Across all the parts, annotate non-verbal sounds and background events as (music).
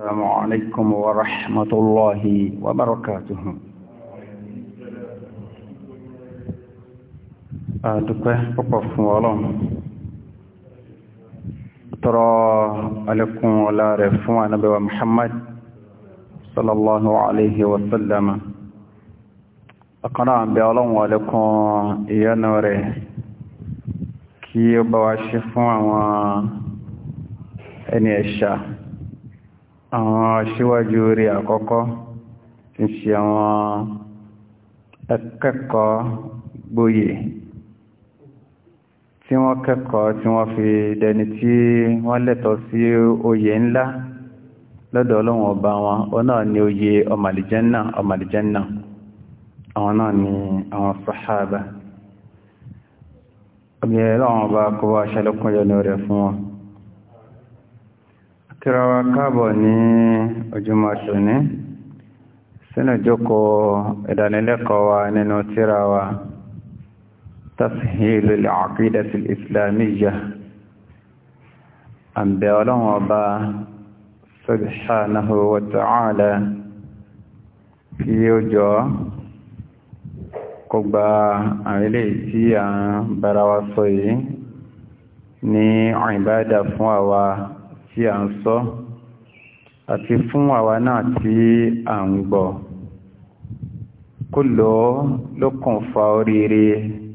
السلام عليكم ورحمة الله وبركاته adúpẹ́ púpọ̀ fún ọlọ́run tọrọ alẹ́kùn ọlá rẹ̀ fún ànábẹ̀wà Muhammad sallallahu alaihi wasallama ọkànlá àbẹ̀ ọlọ́run alẹ́kùn ìyọ́nà rẹ̀ kí ó bá wá ṣe fún àwọn ẹni ẹ̀ṣà àwọn aṣíwájú orí àkọ́kọ́ ti ṣe àwọn ẹkẹ́kọ̀ọ́ gboyè tí wọ́n kẹ́kọ̀ọ́ tí wọ́n fi dẹni tí wọ́n lẹ́tọ̀ọ́ sí oyè ńlá lọ́dọ̀ ọlọ́run ọba wọn ọ náà ni oyè ọmàlìjẹ́nà ọmàlìjẹ́nà àwọn náà ni àwọn sàhábà ọmọ ẹ̀rọ àwọn ọba kọwàá ṣẹlẹ́kùn yọnu rẹ̀ fún wọn kíra wa káàbọ̀ ní ojúmọ́ tòní sínú jókòó ìdánilẹ́kọ̀ọ́ wa nínú tíra wa tashilu al-aqidati al-islamiyya àbẹ̀ ọlọ́run ọba subhanahu wa ta'ala kí ó jọ kó gba àwọn tí à ń bára sọ yìí ní ìbádà fún àwa tí a ń sọ àti fún àwa náà tí a ń gbọ́ kó lọ ló kàn fa oríire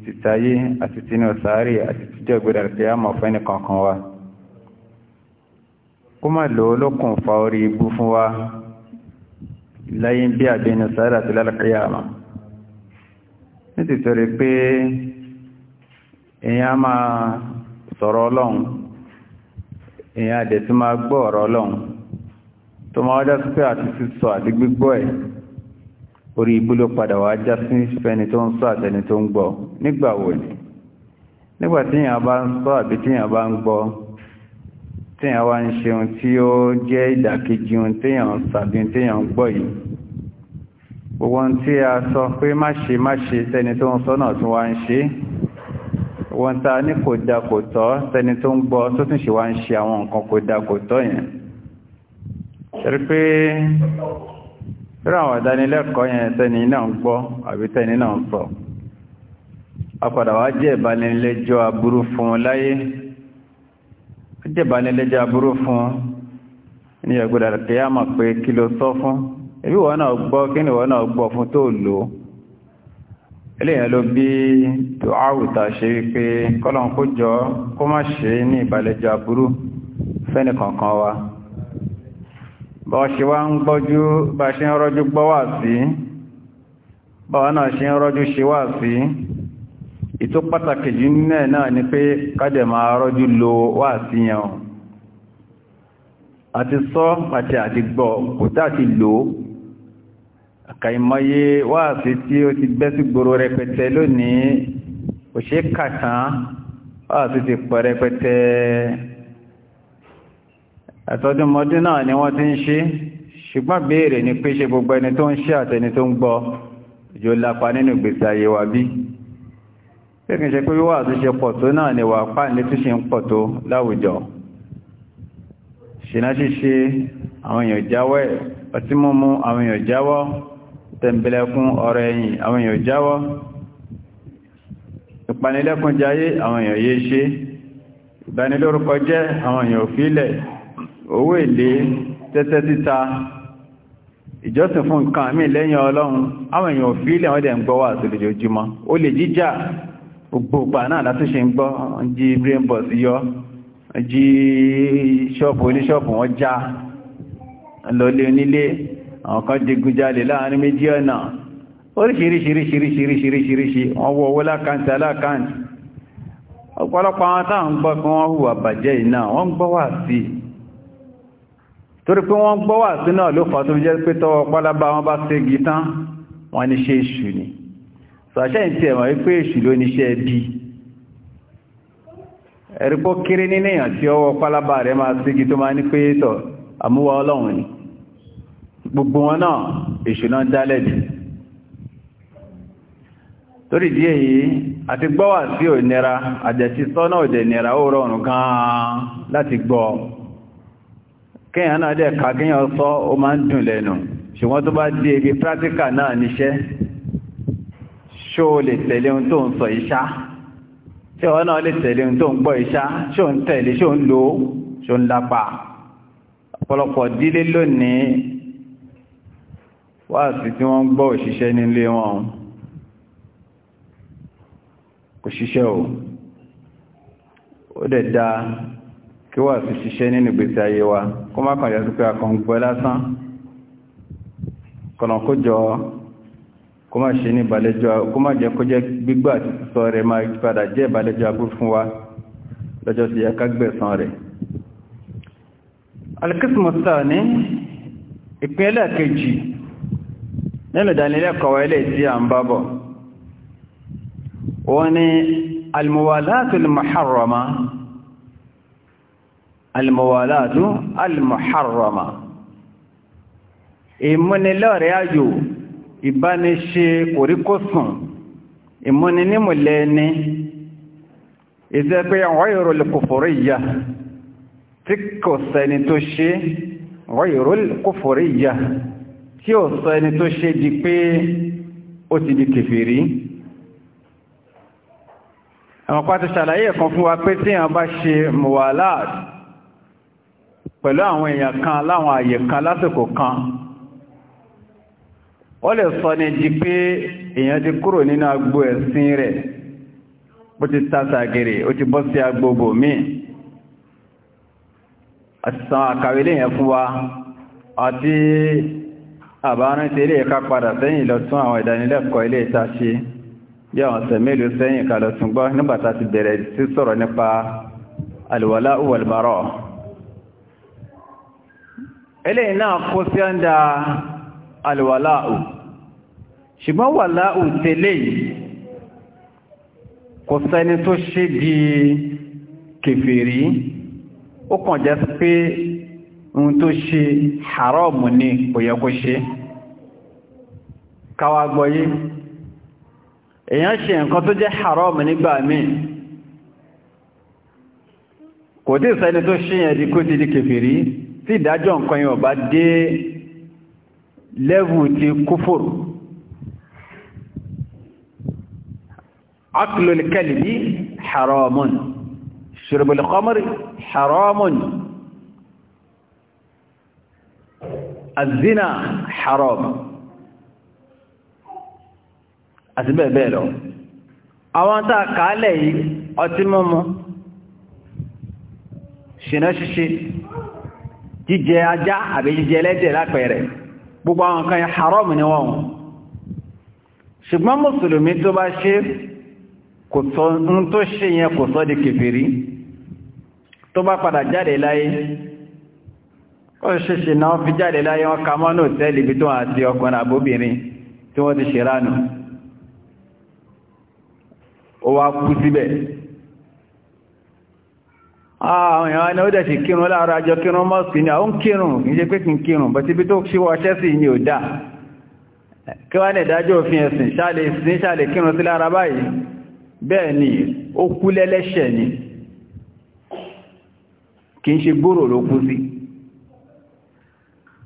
títayé àti tinú sáré àti tíjọ́ gbọ́dọ̀ tí a mọ̀ fún ẹnì kankan wa kó má lọ ló kàn fa orí ibú fún wa láyé bí àbínú sáré àti lálàkàyà àmà nítorí pé èèyàn máa sọ̀rọ̀ ọlọ́run èèyàn adẹ̀ tí máa gbọ́ ọ̀rọ̀ ọlọ́run tó máa wájá sí pé àti sísọ àti gbígbọ́ ẹ̀ orí ibú ló padà wá já sí fẹ́ni tó ń sọ àtẹni tó ń gbọ́ nígbà wò ni nígbà tíyàn bá ń sọ àbí tíyàn bá ń gbọ́ tíyàn wá ń ṣe ohun tí ó jẹ́ ìdàkejì ohun tíyàn ń sàbí tíyàn ń gbọ́ yìí gbogbo ohun tí a sọ pé má ṣe má ṣe tẹni tó ń sọ náà tún wá ń ṣe é wọn ta ní kò da kò tọ́ sẹni tó ń gbọ́ tó tún ṣe wá ń ṣe àwọn nǹkan kò da kò tọ́ yẹn ṣẹ́rí pé rírà àwọn ìdánilẹ́kọ̀ọ́ yẹn sẹni náà ń gbọ́ àbí sẹni náà ń sọ apàdà wá jẹ́ ìbánilẹ́jọ́ aburú fún un láyé ó jẹ́ aburú fún un ní ẹgbẹ̀rẹ̀ kìí àmọ̀ pé kí ló sọ fún ẹbí wọn náà gbọ́ kí ni wọn náà gbọ́ fún tó lòó eléyàn ló bí dùáwùta ṣe wípé kọ́lọ̀n kó jọ kó má ṣe ní ìbàlẹ̀jọ aburú fẹ́ni kankan wa bọ́ ṣe wá ń gbọ́jú bá ṣe ń rọ́jú gbọ́ wà sí bọ́wọ́ náà ṣe ń rọ́jú ṣe wà sí ìtó pàtàkì jù nílẹ̀ náà ni pé kájẹ̀ máa rọ́jú lo wà sí yẹn àti sọ àti àti gbọ́ kò tá àti lòó àkàìmọye wáàsí tí ó ti bẹ́ sí gbòrò rẹpẹtẹ lónìí kò ṣe kàtàn wáàsí ti pọ̀ rẹpẹtẹ àtọ́dúnmọ́dún náà ni wọ́n ti ń ṣe ṣùgbọ́n béèrè ni pé ṣe gbogbo ẹni tó ń ṣe àtẹni tó ń gbọ́ ìjọ lápa nínú ìgbésí ayé wa bí pé kìí ṣe pé wíwà tó ṣe pọ̀ tó náà ni wà páàlé tó ṣe ń pọ̀ tó láwùjọ ṣìná ṣíṣe àwọn èèyàn jáwọ́ ọtí mímu àwọn èèyàn jáwọ́ tẹ̀m̀bẹ̀lẹ̀kún ọ̀rọ̀ ẹ̀yìn àwọn èèyàn jáwọ́ ìpanilẹ́kún jayé àwọn èèyàn yé ṣe ìbanilórúkọ jẹ́ àwọn èèyàn òfílẹ̀ owó èlé tẹ́tẹ́ títa ìjọsìn fún nǹkan mí lẹ́yìn ọlọ́run àwọn èèyàn òfílẹ̀ wọ́n dẹ̀ ń gbọ́ wà sódìjojúmọ́ ó lè jíjà gbogbo ìgbà náà látún ṣe ń gbọ́ jí brain box yọ jí ṣọ́ọ̀bù oníṣọ́ọ̀bù wọ́n já lọlé onílé àwọn kan digunjalè láàrin méjì ọ̀nà oríṣiríṣiríṣiríṣiríṣiríṣi wọ́n wọ owó lákàntì alákàntì ọ̀pọ̀lọpọ̀ àwọn táà ń gbọ́ pé wọ́n hùwà bàjẹ́ iná wọ́n gbọ́ wà sí torí pé wọ́n gbọ́ wà sí náà ló fà tó jẹ́ pé tọwọ́ pálábá wọn bá ségi tán wọ́n ní ṣe èṣù ni sàṣẹ́ ìtì ẹ̀wọ̀n wípé èṣù ló ní ṣe ẹbí ẹ̀rí pó kéré nínú èèyàn tí ọwọ́ pálábá rẹ̀ máa ségi tó máa ní pé tọ̀ àmúwá ọlọ́run ni gbogbo wọn náà ìṣúná dálẹ̀ jù torí díẹ̀ yìí àti gbọ́wà sí ò nira àjẹ̀sí sọ́nà òdè nira ó rọrùn gan-an láti gbọ́ kíyàn náà dẹ̀ ká kíyàn sọ ó máa ń dùn lẹ́nu ṣùgbọ́n tó bá di ebi practical náà níṣẹ́ ṣó lè tẹ̀lé ohun tó ń sọ iṣá ṣé ọ náà lè tẹ̀lé ohun tó ń gbọ́ iṣá ṣó ń tẹ̀lé ṣó ń lò ṣó ń lápa ọ̀pọ̀lọpọ̀ dílé lónìí wáàsí tí wọ́n ń gbọ́ òṣìṣẹ́ nílé wọn kò ṣiṣẹ́ o ó dẹ̀ dáa kí wáàsí ṣiṣẹ́ nínú ìgbésí ayé wa kó má kàn yàtú pé akọ̀ ń gbọ́ lásán kọ̀nà kó jọ kó má ṣe ní ìbàlẹ́jọ́ kó má jẹ́ kó jẹ́ gbígbà àti sísọ rẹ̀ máa padà jẹ́ ìbàlẹ́jọ́ abú fún wa lọ́jọ́ sí akágbẹ̀sán rẹ̀ alikismus ní ìpínlẹ̀ kejì nínú ìdánilẹ́kọ̀ọ́ ilé tí a ń bábọ̀ wọ́n ni almuwalatu almuharrama almuwalatu almuharrama ìmúnilọ́rẹ̀ ayò ìbániṣe kòríkòsùn ìmúninímùlẹ́ni ìzẹ́gbé ghayrul kufuriyya tí kò sẹ́ni tó ṣe ghayrul kufuriyya tí ó sọ ẹni tó ṣe di pé ó ti di kèfèrí àwọn pàtàkì ṣàlàyé ẹ̀kan fún wa pé tí èèyàn bá ṣe muwalat pẹ̀lú àwọn èèyàn kan láwọn àyè kan lásìkò kan ó lè sọ ní di pé èèyàn ti kúrò nínú agbo ẹ̀sìn rẹ̀ bó ti tásàgèrè ó ti bọ́ sí agbóbò míì àti sàn àkàwélé yẹn fún wa àti àbárán ti ilé ìka padà sẹ́yìn lọ tún àwọn ìdánilẹ́kọ̀ọ́ ilé ìta ṣe bí àwọn sẹ̀mẹ́lú sẹ́yìn ká lọ tún gbọ́ nígbàtà ti bẹ̀rẹ̀ sí sọ̀rọ̀ nípa alwala uwalbara ilé náà kó sí ọ́ndà alwala u ṣùgbọ́n wàlá u tẹ́lẹ̀ kò sẹ́ni tó ṣe bí kèfèrí ó kàn jẹ́ pé ohun tó ṣe haramu ní kò yẹ kó ṣe káwà gbọ́yé èyàn ṣe nǹkan tó jẹ́ haramu nígbà míì kò tí ìsẹ́ni tó ṣe yẹn di kó ti di kèfèrí tí ìdájọ́ nǹkan yóò bá dé lẹ́vù ti kúfòrò akílò kẹlìbí haramun ṣùrùbùlù khamri haramun azina haram àti bẹ́ẹ̀ bẹ́ẹ̀ lọ àwọn tá a kàálẹ̀ yìí ọtí mímu ṣìnà ṣíṣe jíjẹ ajá àbí jíjẹ ẹlẹ́dẹ̀ lápẹẹrẹ gbogbo àwọn kan yẹ haram ni wọ́n ṣùgbọ́n mùsùlùmí tó bá ṣe kò sọ ń tó ṣe yẹn kò sọ di kèfèrí tó bá padà jáde láyé ó ṣeṣe náà fi jáde láyé wọn ka mọ́nà òtẹ́lì bí tó àti ọkùnrin àbóbìnrin tí wọ́n ti ṣe ránù ó wá kú síbẹ̀ àwọn èèyàn ni ó dẹ̀ sì kírun láàárọ àjọ kírun mọ́sí ni àwọn kírun ìṣe pé kí n kírun bọ̀ síbi tó ṣíwọ́ ọṣẹ́ sí ni ò dáa kí wá ní ìdájọ́ òfin ẹ̀sìn ṣáàlè ìsìn ṣáàlè kírun sí lára báyìí bẹ́ẹ̀ ni ó kú lẹ́lẹ́ṣẹ̀ ni kì í ṣe gbòrò ló kú sí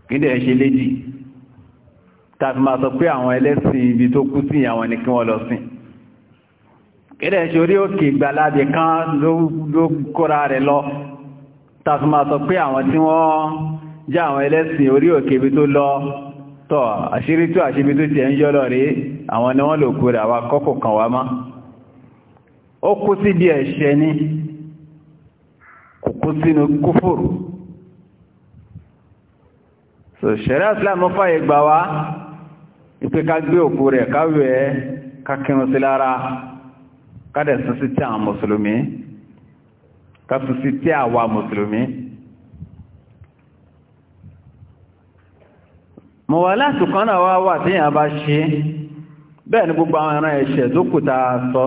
kíndẹ̀ ṣe léjì tàbí máa sọ pé àwọn ẹlẹ́sìn ibi tó kú sí àwọn ni kí wọ́n lọ sìn kíndẹ̀ ṣe orí òkè ìgbàládé kan ló kóra rẹ̀ lọ tàbí máa sọ pé àwọn tí wọ́n já àwọn ẹlẹ́sìn orí òkè ibi tó lọ tọ́ àṣírí tó àṣírí tó tiẹ̀ ń yọ́ lọ rí àwọn ni wọ́n lò kú rẹ̀ àwa kọ́kọ̀ kan wá mọ́ ó kú sí bí ẹ̀ṣẹ̀ ni kò kú sínú kúfòrò so ṣẹ̀rẹ́ islam fàyè gbà wá ìpé ká gbé òkú rẹ̀ káwẹ̀ kakirun sí lára kádẹ̀ sún sí tí àwọn mùsùlùmí ká sún sí tí àwa mùsùlùmí mọ̀ wà láti kan náà wá wà tí yàn bá ṣe bẹ́ẹ̀ ni gbogbo àwọn ẹran ẹ̀ṣẹ̀ tó kù ta sọ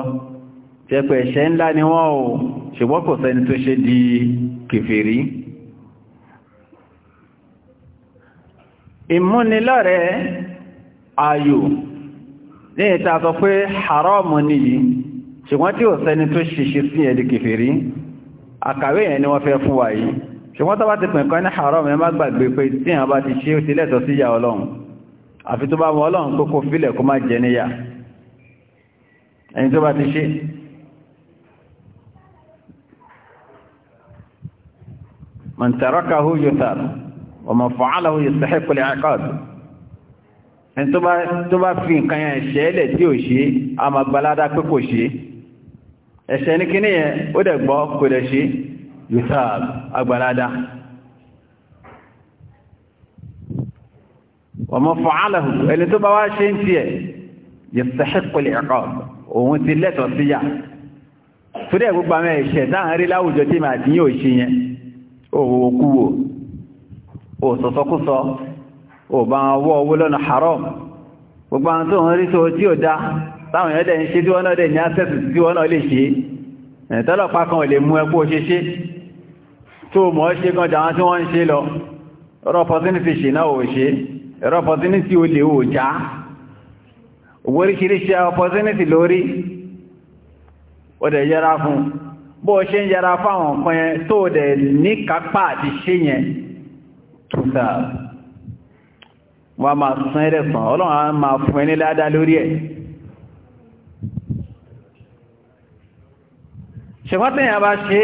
jẹ́ ẹ̀ṣẹ̀ ńlá ni wọ́n ò ṣùgbọ́n sẹ́ni tó ṣe di kèfèrí ìmúnilọ́rẹ̀ ayò ní ìta sọ pé haramu nìyí ṣùgbọ́n tí ò sẹ́ni tó ṣìṣì sí ẹ̀dì kìfèrí àkàwé yẹn ni wọ́n fẹ́ fún wa yìí ṣùgbọ́n tó bá ti pẹ̀kọ́ ní haramu ẹ má gbàgbé pé tí àwọn bá ti ṣe ó ti lẹ́tọ̀ sí ìyà ọlọ́run àfi man tarakahu yuthar ọmọ fọ́nàlá ó yẹ sẹ́hẹ́ pẹ̀lú àkọ́ọ̀dù ẹni tó bá fi nǹkan yẹn ṣẹ́ ilẹ̀ tí ò ṣe a máa gbalada pé kò ṣe ẹ̀ṣẹ̀ ní kíní yẹn ó dẹ̀ gbọ́ kò dẹ̀ ṣe yusuf agbalada ọmọ fọ́nàlá ẹni tó bá wá ṣe ń tiẹ̀ yẹ sẹ́hẹ́ pẹ̀lú àkọ́ọ̀dù òun ti lẹ́tọ̀ọ́ síyà torí ẹ̀ gbogbo àwọn ẹ̀ṣẹ̀ táà rí láwùjọ tí òsọ̀sọ́kúsọ òbá wọ́ owó lọ́nà haram gbogbo àwọn tó ń rí tó tí ó dá táwọn ẹ̀dẹ̀ ń ṣe tí wọ́n náà dẹ̀ ní àṣẹ́sì tí wọ́n náà lè ṣe ẹ̀tọ́lọ̀pàá kan lè mú ẹkú òṣeṣe tó mọ̀ ṣe kan jà wọn tí wọ́n ń ṣe lọ ẹ̀rọ opportunity ṣe náà ò ṣe ẹ̀rọ opportunity ó lè ò já oríṣiríṣi opportunity lórí ó túnṣà wọ́n máa sán ẹ̀rẹ̀ sàn ọlọ́run á máa fún ẹni ládá lórí ẹ̀ ṣèwọ́tẹ̀yìn àbá ṣe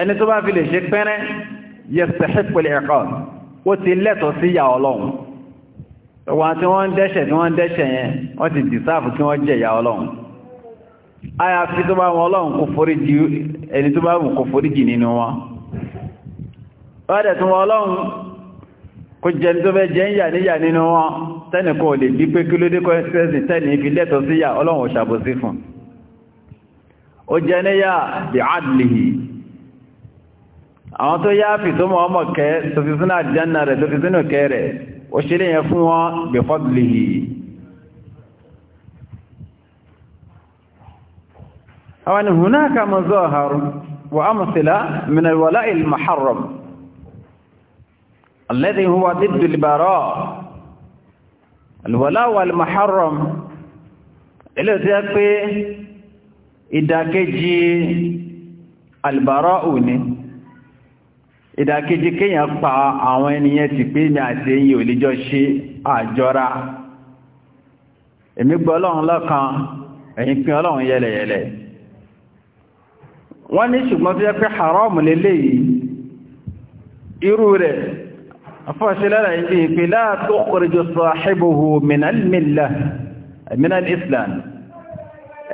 ẹni tó bá fi lè ṣe pẹ́rẹ́ yastahiqqu al-iqab ó ti lẹ́tọ̀ọ́ sí ìyà ọlọ́run wọ́n tí wọ́n ń dẹ́ṣẹ̀ ọ̀dẹ̀ tún wọ́n ọlọ́run kò jẹ́ tó fẹ́ jẹ́ ìyà níyà nínú wọn tẹ́nì kan lè bí pé kí ló dé kọ́ẹ́sẹ́sì tẹ́nì ibi lẹ́tọ̀ sí yà ọlọ́run òṣàbòsí fún ó jẹ́ níyà bí adìlìhì àwọn tó yá fi tó mọ̀ ọmọ kẹ́ tó fi sínú àjẹ́nà rẹ̀ tó fi sínú kẹ́ rẹ̀ ó ṣe léyẹn fún wọn bí fọ́dìlìhì àwọn ìhùnákà mọ̀ zọ́ọ̀hàrù wà á mọ̀ sílá mìnàlwàlá الذي هو ضد البراء الولاء والمحرم ilé tí a pé ìdàkejì albara'u ni ìdàkejì kíyàn pa àwọn ènìyàn ti pé ní àti èyí ò lè jọ ṣe àjọra èmi gbọ́ ọlọ́run lọ́kan ẹ̀yin pín ọlọ́run yẹlẹ̀yẹlẹ̀ wọ́n ní ṣùgbọ́n tí a pé haramu lélẹ́yìí irú rẹ̀ afọ́ṣẹ́lára ìdí ìpé láàtọ́ kòrìjọ sọ́hìbòhò minal islam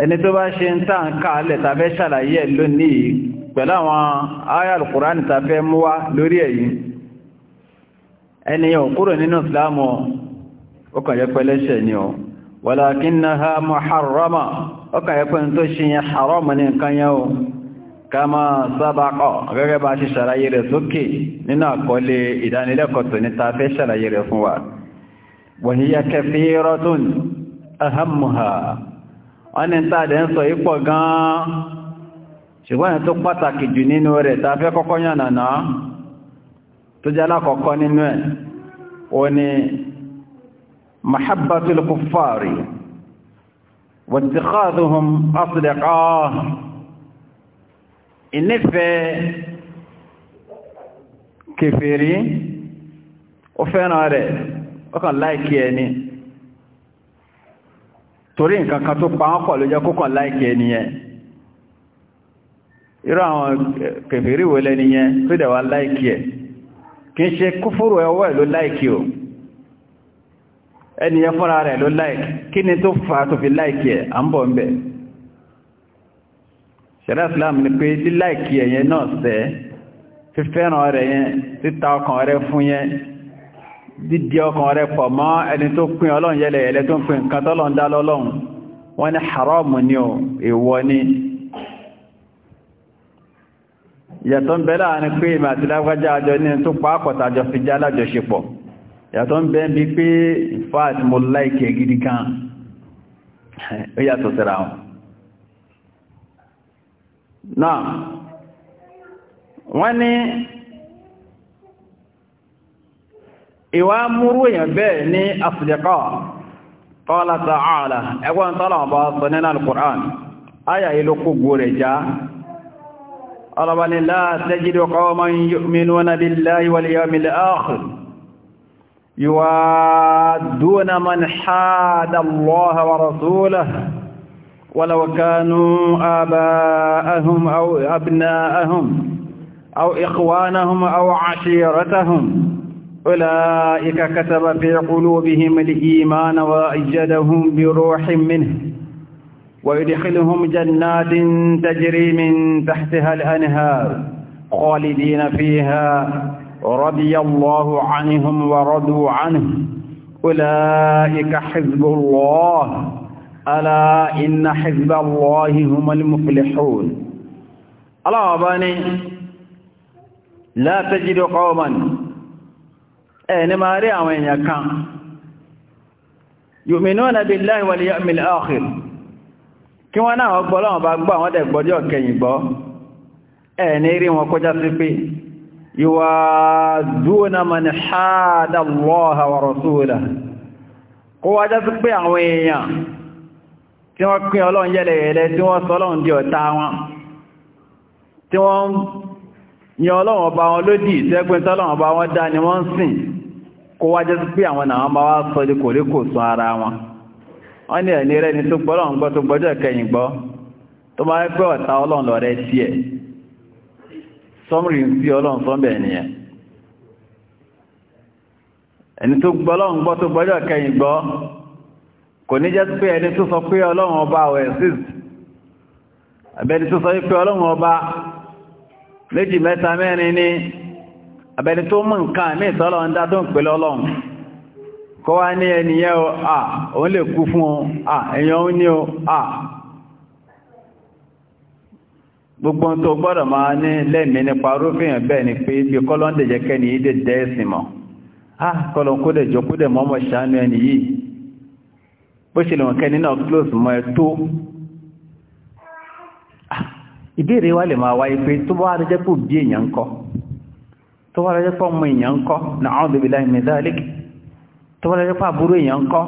ẹni tó bá ṣe ń tàn káàlẹ̀ tàbẹ́ ṣàlàyé lónìí pẹ̀lú àwọn ayal kùránì tàbẹ́ múwá lórí èyí ẹniyàn kúrò nínú islam ọkànjẹ́ pẹ́lẹ́ṣẹ̀ ni kama sábàkọ̀ gẹ́gẹ́ bá ṣe ṣàlàyé rẹ̀ sókè nínú àkọlé ìdánilẹ́kọ̀tọ̀ ní ta fẹ́ ṣàlàyé rẹ̀ fún wa wàhíyà kẹfí rọ́tún ahamuha wọ́n ni tàdẹ̀ ń sọ ipò gan-an ṣùgbọ́n tó pàtàkì jù nínú rẹ̀ ta fẹ́ kọ́kọ́ yànnàná tó jẹ́ asìdẹ̀kọ́ ìnífẹ̀ẹ́ kèfèrí ó fẹ́ràn rẹ̀ ó o láìkí ẹni torí nǹkan kan tó pa wọ́n pọ̀ ló jẹ́ kó kàn láìkí ẹni yẹn irú ni yẹn to dẹ̀ wa láìkí ẹ̀ kì í ṣe kúfúrú ẹwọ́ ẹ̀ ló láìkí o ẹni yẹn fúnra rẹ̀ ló láìkí kí ni tó fà á tó fi láìkí ẹ̀ à ṣẹ̀rẹ́ islam ni pé líláìkí ẹ̀yẹ náà sẹ́ fífẹ́ràn rẹ̀ yẹn títa ọkàn rẹ̀ fún yẹn dídí ọkàn rẹ̀ pọ̀ mọ́ ẹni tó pín ọlọ́run yẹlẹ̀ yẹlẹ̀ tó pín nǹkan tọ́lọ́run dá lọ́lọ́run wọ́n ní haramu ni o èèwọ̀ ni ìyàtọ̀ ń bẹ láàrin pé èmi àti lágbájá àjọ ní tó pa àpọ̀tà àjọ fi já lájọṣepọ̀ ìyàtọ̀ ń bẹ ń bí pé in fact mo láìkẹ̀ gidi gan ó yàtọ̀ síra wọn náà wọ́n ní ìwà múrú èèyàn bẹ́ẹ̀ ní asìdẹ̀kọ́ qala ta'ala ẹgbọ́n tọ́lá ọba sọ nínú al-Qur'an ayà ilókù gúrẹ̀ já ọlọ́bàní la tajidu ولو كانوا آباءهم أو أبناءهم أو إخوانهم أو عشيرتهم أولئك كتب في قلوبهم الإيمان وأجدهم بروح منه ويدخلهم جنات تجري من تحتها الأنهار خالدين فيها رضي الله عنهم ورضوا عنه أولئك حزب الله ألا إن حزب الله هم المفلحون الله أباني لا تجد قوما أين ما رأى من يؤمنون بالله واليوم الآخر كما نهى قبلهم بأقبا ودى قبلهم كيبا أين يريم وقجا يوا دون من حاد الله ورسوله قوة ذلك بأعوين tí wọ́n pín ọlọ́run yẹ́lẹ̀yẹ̀lẹ́ tí wọ́n sọ ọlọ́run di ọ̀tá wọn tí wọ́n ní ọlọ́run ọba wọn lódì tẹ́gbẹ́ tọ́lọ́run ọba wọn dá ni wọ́n sìn kó wá pé àwọn àwọn bá wá sọ di kòríkò sọ ara wọn tó ń gbọ́ kò ní jẹ́ pé ẹni tó sọ pé ọlọ́run ọba ọ̀ ẹ̀sìs abẹni tó sọ pé ọlọ́run ọba méjì mẹ́ta mẹ́rin ní abẹni tó mú nǹkan ní ìtọ́lọ̀ ń dá tó ń pèlú ọlọ́run kọ́ wá ní ẹniyẹ́ o à òun lè kú fún à èèyàn ó ní o à gbogbo tó gbọ́dọ̀ máa ní lẹ́mí nípa rúfihàn bẹ́ẹ̀ ni pé ibi kọ́lọ́ndẹ̀jẹ́kẹ́ ni yí dẹ̀ dẹ́ ah kọ́lọ́n kó dẹ̀ jọ kó dẹ̀ mọ́mọ̀ ṣàánú ẹni yìí bó ṣe lè wọ̀n kẹ́ni náà close mọ́ ẹ tó ah, ìbéèrè wa lè máa wáyé pé tó bá rẹ jẹ́ pò bí èèyàn ń kọ́ tó bá rẹ jẹ́ pò ọmọ èèyàn ń kọ́ na'udhu billahi min dhalik tó bá rẹ jẹ́ pò àbúrò èèyàn ń kọ́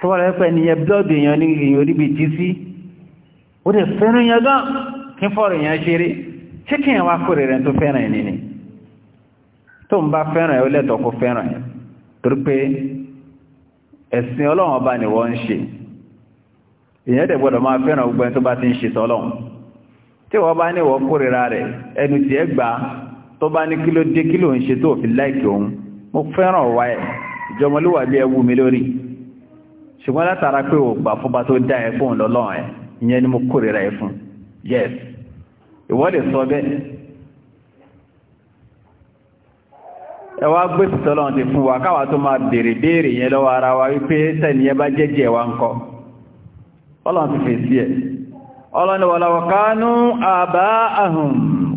tó bá rẹ jẹ́ pò ẹniyẹn blọ́ọ̀dù èèyàn ní èèyàn orí bíi jísí ó dẹ̀ fẹ́ràn ẹ̀sìn ọlọ́run ọba ni wọ́n ń ṣe èyàn dẹ̀ gbọ́dọ̀ máa fẹ́ràn gbogbo ẹni tó bá ti ń ṣe tọ́lọ́run tí wọ́n bá ní wọ́n kórìíra rẹ̀ ẹnu tí ẹ gbà tó bá ní kí ló dé kí ló ń ṣe tó fi láìkì òun mo fẹ́ràn wá ẹ̀ ìjọmọlúwà bí ẹwú mi lórí ṣùgbọ́n látara pé ò gbà fún bá tó dá ẹ fún ọlọ́run ẹ ìyẹn ni mo kórìíra ẹ fún yes ìwọ́lẹ̀ sọ bẹ́ẹ̀ ẹwà gbèsè tọ́lọ́n ti fún wa káwà tó máa bèèrè bèèrè yẹn lọ́wọ́ ara wa wípé sẹ́ni ẹ bá jẹ́jẹ́ wa ń kọ́ ọlọ́n ti fèsì ẹ̀ ọlọ́ni wọ̀lọ́wọ̀kánú àbá ahùn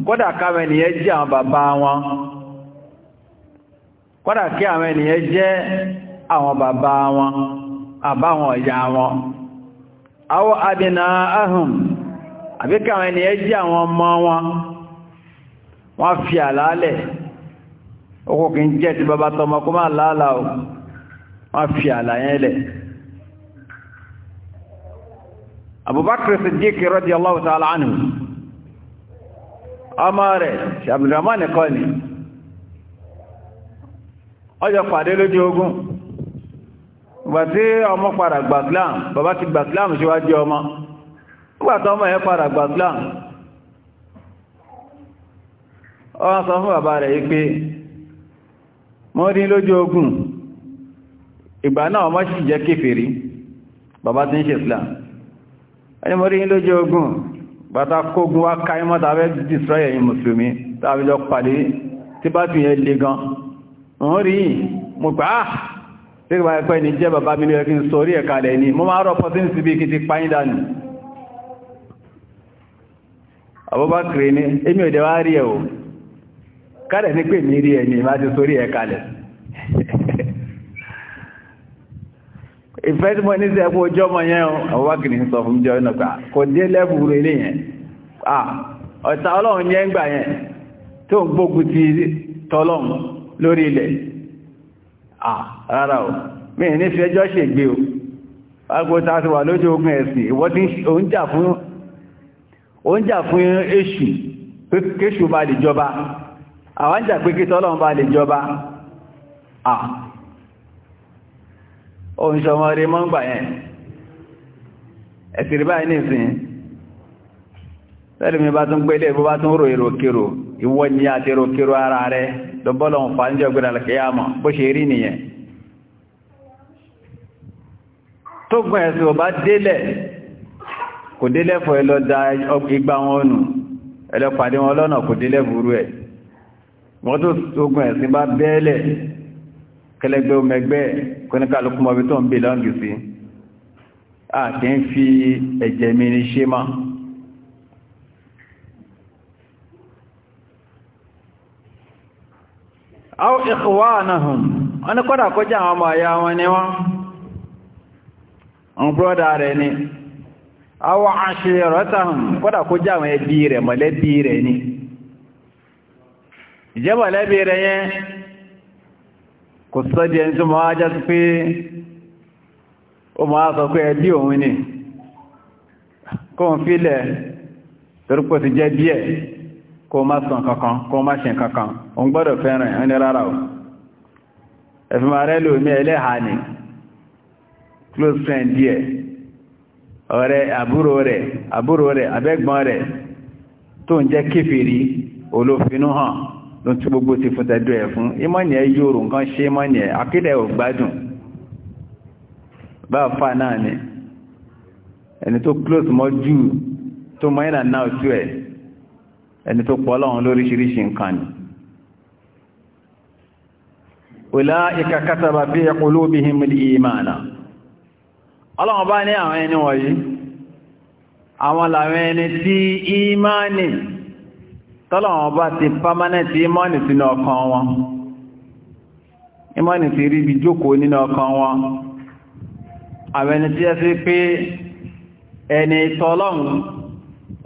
kódà káwọn ènìyàn jẹ́ àwọn bàbá wọn kódà kí àwọn ènìyàn jẹ́ wọn ọ̀yà wọn àwọ ahùn ènìyàn jẹ́ àwọn ọmọ wọn wọ́n fi àlàálẹ̀ oko kì í jẹ́ ti bàbá tọmọ kó máa láàlá o wọ́n fi àlà yẹn lẹ̀ Abubakar Siddiq radiyallahu ta'ala anhu ọmọ rẹ̀ ṣàbùdàmọ́nì kọ́ ni ọjọ́ pàdé lójú ogun ìgbà tí ọmọ padà gbà Islam bàbá ti sọ fún bàbá rẹ̀ yìí pé wọ́n rí lójú ogun ìgbà náà wọ́n sì jẹ́ kéfèrí bàbá tí ń ṣe Islam ẹni mọ́ rí lójú ogun bàtà kógun wá káyí mọ́ tàbí destroy ẹ̀yin mùsùlùmí tàbí lọ pàdé tí bá tún yẹ lè gan wọ́n rí mo gbà á tí kí bá ẹ̀kọ́ ni jẹ́ bàbá mi lóyẹ kí n sọrí ẹ̀ka lẹ̀ ni mo Abubakar ni èmi ò dẹ̀ wá rí ẹ̀ o kárẹ̀ ní pè mí rí ẹni má ti sórí ẹ kalẹ̀ ìfẹ́ tí mo ní sí yẹn sọ fún jọ ìnàkà kò dé lẹ́bùrú ilé yẹn ọ̀tá ọlọ́run ní ẹgbà yẹn tó ń gbógun ti tọ́lọ́run lórí ilẹ̀ rárá o mi ní fi ẹjọ́ o ti wà lójú ogun ẹ̀sìn ìwọ́ tí ó ń jà fún èṣù kéṣù bá lè jọba àwọn ń jà pé kí tọ́lọ́run bá lè jọba à ohun ṣọmọ rí mọ́ ń gbà yẹn ẹ̀sìrì báyìí nìsìn tẹ́lùmí bá tún gbélé bó bá tún rò èròkèrò ìwọ ni àti èròkèrò ara rẹ lọ́bọ́lọ́run fà ń jọ gbẹ̀rẹ̀ alkiyama bó ṣe rí wọn lọ́nà kò délẹ̀ burú ẹ̀ wọ́n tó sógun ẹ̀sìn bá bẹ́ẹ̀lẹ̀ kẹlẹ́gbẹ́ omẹgbẹ́ kọ́níkàlùkùnmọ́bí tó ń bè lọ́ngì sí àti ń fi ẹ̀jẹ̀ mi ní ṣe máa aw ikhwanahum ana kódà kó jẹ́ àwọn ọmọ àyà wọn ni wọ́n ń brọ́dà rẹ̀ ni aw ashiratahum kódà kó jẹ́ àwọn ẹbí rẹ̀ mọ̀lẹ́bí rẹ̀ ni ìjẹ́bọ̀ lẹ́bí rẹ̀ yẹn kò sọ di ẹni tó máa jẹ́ pé ó máa sọ pé ẹbí òun ni kó ń fílẹ̀ torípò ti jẹ́ bí ẹ̀ kó má sàn kankan kó má ṣe kankan òun gbọ́dọ̀ fẹ́ràn ọ̀rẹ́ àbúrò rẹ̀ àbúrò rẹ̀ abẹ́gbọ́n rẹ̀ tó ń jẹ́ kéfèrí olófinú hàn ló tún gbogbo ti fún tẹ́dọ̀ ẹ̀ fún ìmọ̀nì ẹ̀ yóò rò nǹkan ṣe ìmọ̀nì ẹ̀ akédè ò gbádùn bá fà náà ni ẹni tó close mọ́ jù tó mọ́ ìnà náà tú ẹ̀ ẹni tó pọ̀ lọ́wọ́n lóríṣiríṣi nǹkan ni ulaika kataba fi qulubihimul imana ọlọ́wọ́n bá ní àwọn tọ́lọ̀wọ́n bá ti pámánẹ́tì ìmọ́nì sínú ọkàn wọn ìmọ́nì ti rí ibi jókòó nínú ọkàn wọn àwẹni tí ẹ́ sí pé ẹni tọ́lọ́run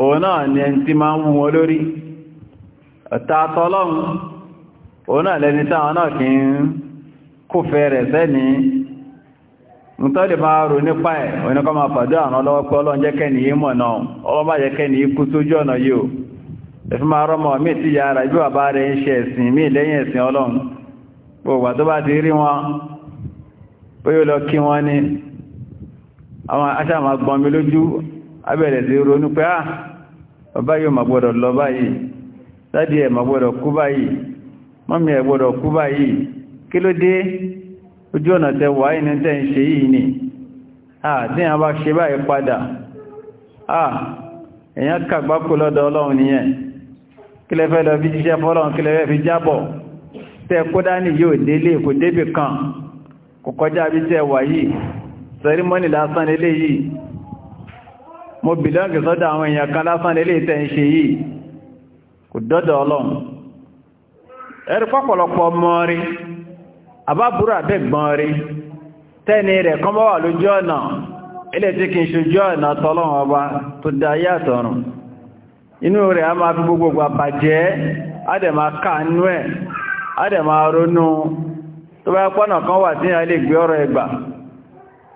òun ni ẹni tí máa ń mú wọn lórí ọ̀tá tọ́lọ́run òun náà lẹni táwọn náà kì ń kófẹ́ rẹ̀ sẹ́ni ntọ́lẹ̀ máa rò nípa ẹ̀ oníkọ́ máa pàdé àwọn ọlọ́wọ́ pé ọlọ́run jẹ́kẹ́ nìyí náà ọlọ́run bá jẹ́kẹ́ sójú ọ̀nà yìí ẹ̀fí máa mí tí ya ara ibi bàbá rẹ̀ ń ṣe ẹ̀sìn mí lẹ́yìn ẹ̀sìn ọlọ́run gbogbo tó bá ti rí wọn bóyá lọ kí wọ́n ní àwọn aṣàmà gbọ́n mi lójú abẹ̀rẹ̀ sí ronú pé ah bàbá yóò máa gbọ́dọ̀ lọ báyìí dádì ẹ̀ máa gbọ́dọ̀ kú báyìí mọ́mí ni ah kílẹ̀ fẹ́ lọ fi jíṣẹ́ fọ́lọ́n kílẹ̀ fẹ́ fi jábọ̀ tẹ́ kódá ní yóò délé kò débì kan kò kọjá bí tẹ́ wà yìí sẹrímọ́nì lásán lélé yìí mo bìlọ́ǹgì sọ́dọ̀ àwọn èèyàn kan lásán lélé tẹ́ ń ṣe yìí kò dọ́dọ̀ ọlọ́run ẹ̀rí pọ́pọ̀lọpọ̀ mọ́rí àbábúrò àbẹ́gbọ́n rí tẹ́ni rẹ̀ kán bá wà lójú ọ̀nà ilẹ̀ inú rẹ̀ a máa fi gbogbo àbàjẹ́ adẹ̀mà káànú ẹ̀ adẹ̀mà ronú tó bá pọ́nà kan wà tí a lè gbé ọ̀rọ̀ ẹgbà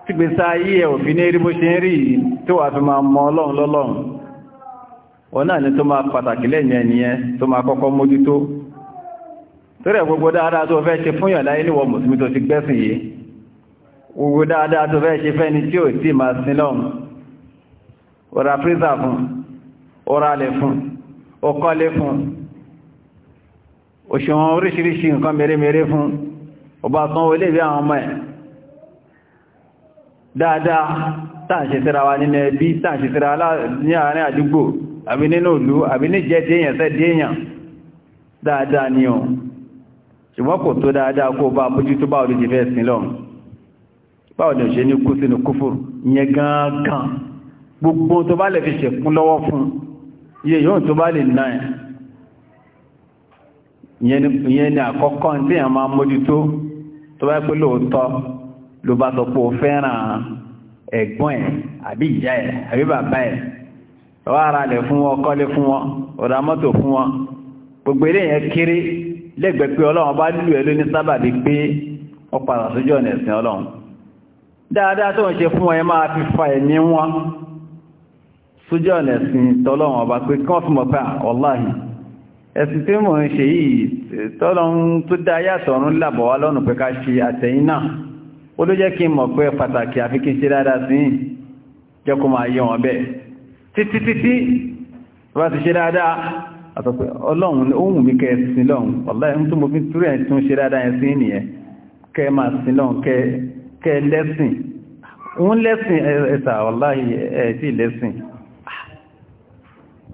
tí gbé sáyé ẹ̀ òfin ní rí bó ṣe ń rí tó wà fi máa mọ ọlọ́run lọ́lọ́run wọn náà ni tó máa pàtàkì lẹ́yìn ẹniyẹn tó máa kọ́kọ́ mójútó gbogbo ti orálẹ̀ fún ọkọ́lé fún òṣùwọ̀n oríṣiríṣi nǹkan mèremère fún ọba san olè bí àwọn ọmọ ẹ̀ dáadáa tàǹṣe síra wa nínú ẹbí tàǹṣe síra ní àárín àdúgbò àbí nínú ìlú àbí ní jẹ́ déèyàn sẹ́ déèyàn dáadáa ni ọ ṣùgbọ́n kò tó dáadáa kó bá bójú tó bá orí ti fẹ́ sí lọ́run báwọn ni òṣèlú kú sínú kúfù yẹn gangan gbogbo tó bá lè fi ṣẹ̀kún lọ́wọ́ fún un iye yóò tó bá lè náà ìyẹn ni àkọ́kọ́ tí a máa mójútó tó bá pé lóòótọ́ ló bá sọ pé ó fẹ́ràn ẹ̀gbọ́n ẹ̀ àbí ìyá ẹ̀ àbí bàbá ẹ̀ wọ́n ara lẹ̀ fún wọn kọ́lé fún wọn ọ̀dà mọ́tò fún wọn gbogbo eléyẹn kéré lẹ́gbẹ̀ẹ́ pé ọlọ́run bá lù ẹ́ lóní sábàbí pé wọ́n padà sójú ọ̀nà ẹ̀sìn ọlọ́run dáadáa tó ń ṣe fún ẹ máa fi fa ẹ̀mí wọn sójú ọ̀nà ẹ̀sìn tọ́lọ́wọ̀n ọba pé kán fún ọ̀pá ọláhì ẹ̀sìn tí mò ń ṣe yìí tọ́lọ́run tó dá yàtọ̀ ọ̀run làbọ̀ wá lọ́nà pé ká ṣe àtẹ̀yìn náà ó ló jẹ́ kí n mọ̀ pé pàtàkì àfi kí n ṣe dáadáa sí jẹ́ máa yẹ wọn bẹ́ẹ̀ títí títí bá ti ṣe dáadáa àtọ̀pẹ́ ọlọ́run ohun mi kẹ́ sin lọ́run ọ̀láhìn tó mo fi túrẹ̀ ẹ̀ tún ṣe dáadáa yẹn sí kẹ́ máa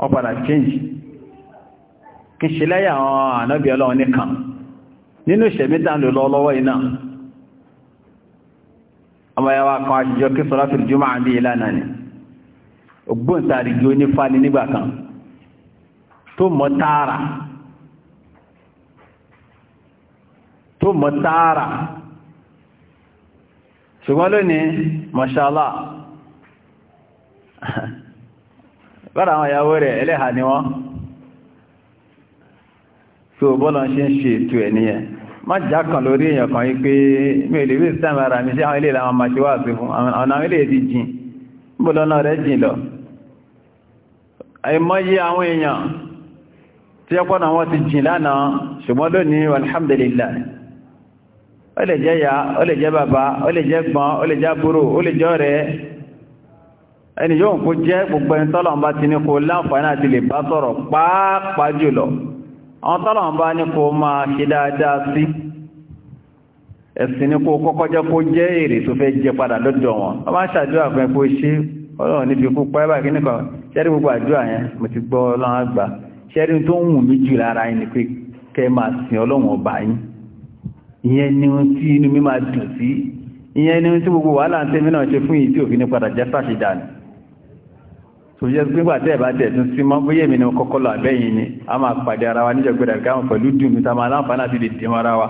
wọ́n padà change kí ṣe lẹ́yà àwọn ànábì ọlọ́run nìkan nínú ìṣẹ̀mí dáńdò lọ́wọ́ iná ọmọ ẹwà kan àṣìjọ kí sọ́lá fi jùmọ́ àbí ìlànà ni ògbóǹtarìgì onífàní nígbà kan tó mọ̀ tààrà tó mọ̀ tààrà ṣùgbọ́n lónìí mashallah lọ́dà àwọn ìyàwó rẹ̀ ẹlẹ́hà ni wọ́n so bọ́lọ̀ ṣe ń ṣe ètò ẹ̀ nìyẹn má jà kan lórí èèyàn kan yìí pé mi ò lè rí ara mi sí àwọn ilé làwọn máa ṣe wà sí fún ọ̀nà àwọn ilé ti jìn bọ́lọ̀ náà rẹ̀ jìn lọ àìmọye àwọn èèyàn tí ẹ̀pọ̀ náà wọ́n ti jìn lánàá ṣùgbọ́n lónìí alhamdulillah ó lè jẹ́ ya ó lè jẹ́ bàbá ó lè jẹ́ gbọ́n ó lè jẹ́ àbúrò ó lè jẹ́ ọ̀rẹ́ ẹni yóò kó jẹ́ gbogbo ẹni tọ́lọ̀ bá ti ní kó láǹfààní àti lè bá sọ̀rọ̀ pàápàá jùlọ àwọn tọ́lọ̀ bá ní kó máa ṣe dáadáa sí ẹ̀sìn ní kó kọ́kọ́ jẹ́ kó jẹ́ èrè tó fẹ́ jẹ padà lọ́dọ̀ wọn wọ́n máa ṣàdúrà pé kó ṣe ọlọ́run níbi kú pa ẹbà kíníkọ ṣẹ́rí gbogbo àdúrà yẹn mo ti gbọ́ ọlọ́run àgbà ṣẹ́rí tó ń wù mí jù lára yín ni pé kẹ́ máa sin ọlọ́run ọba yín ìyẹn ni ohun tí inú mi máa dùn sí ìyẹn ni ohun tí gbogbo wàhálà ń tẹ́mí náà ṣe fún yìí tí òfin ní padà jẹ́ sáṣìdá kò yẹ gbígbà tẹ́ bá tẹ̀ tún sí mọ́ bóyẹ̀ mi ní kọ́kọ́lọ̀ àbẹ́yìn ni a máa pàdé ara wa níjọ̀gbẹ̀rẹ̀ káwọn pẹ̀lú dùnmí ta máa láǹfààní àti dìdì mara wa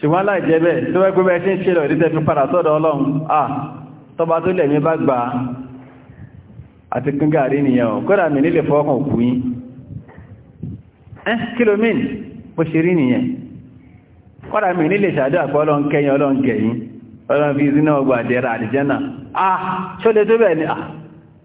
ṣùgbọ́n láìjẹ́ bẹ́ẹ̀ tó wẹ́ gbígbẹ́ tí ń ṣe lọ ìdíjẹ́ fi padà sọ́dọ̀ ọlọ́run à tọba tó lẹ̀mí bá gbà àti kún gàrí nìyẹn o kódà mi nílé fọ́ọ̀kan òkú yín ẹ́ kílómìn bó ṣe rí mi nílé ṣàdó àpọ̀ ọlọ́run kẹyìn ọlọ́run gẹ̀yìn ọlọ́run fi ìsinà ọgbà àdẹ́rà àdìjẹ́ ah ṣó lè ni ah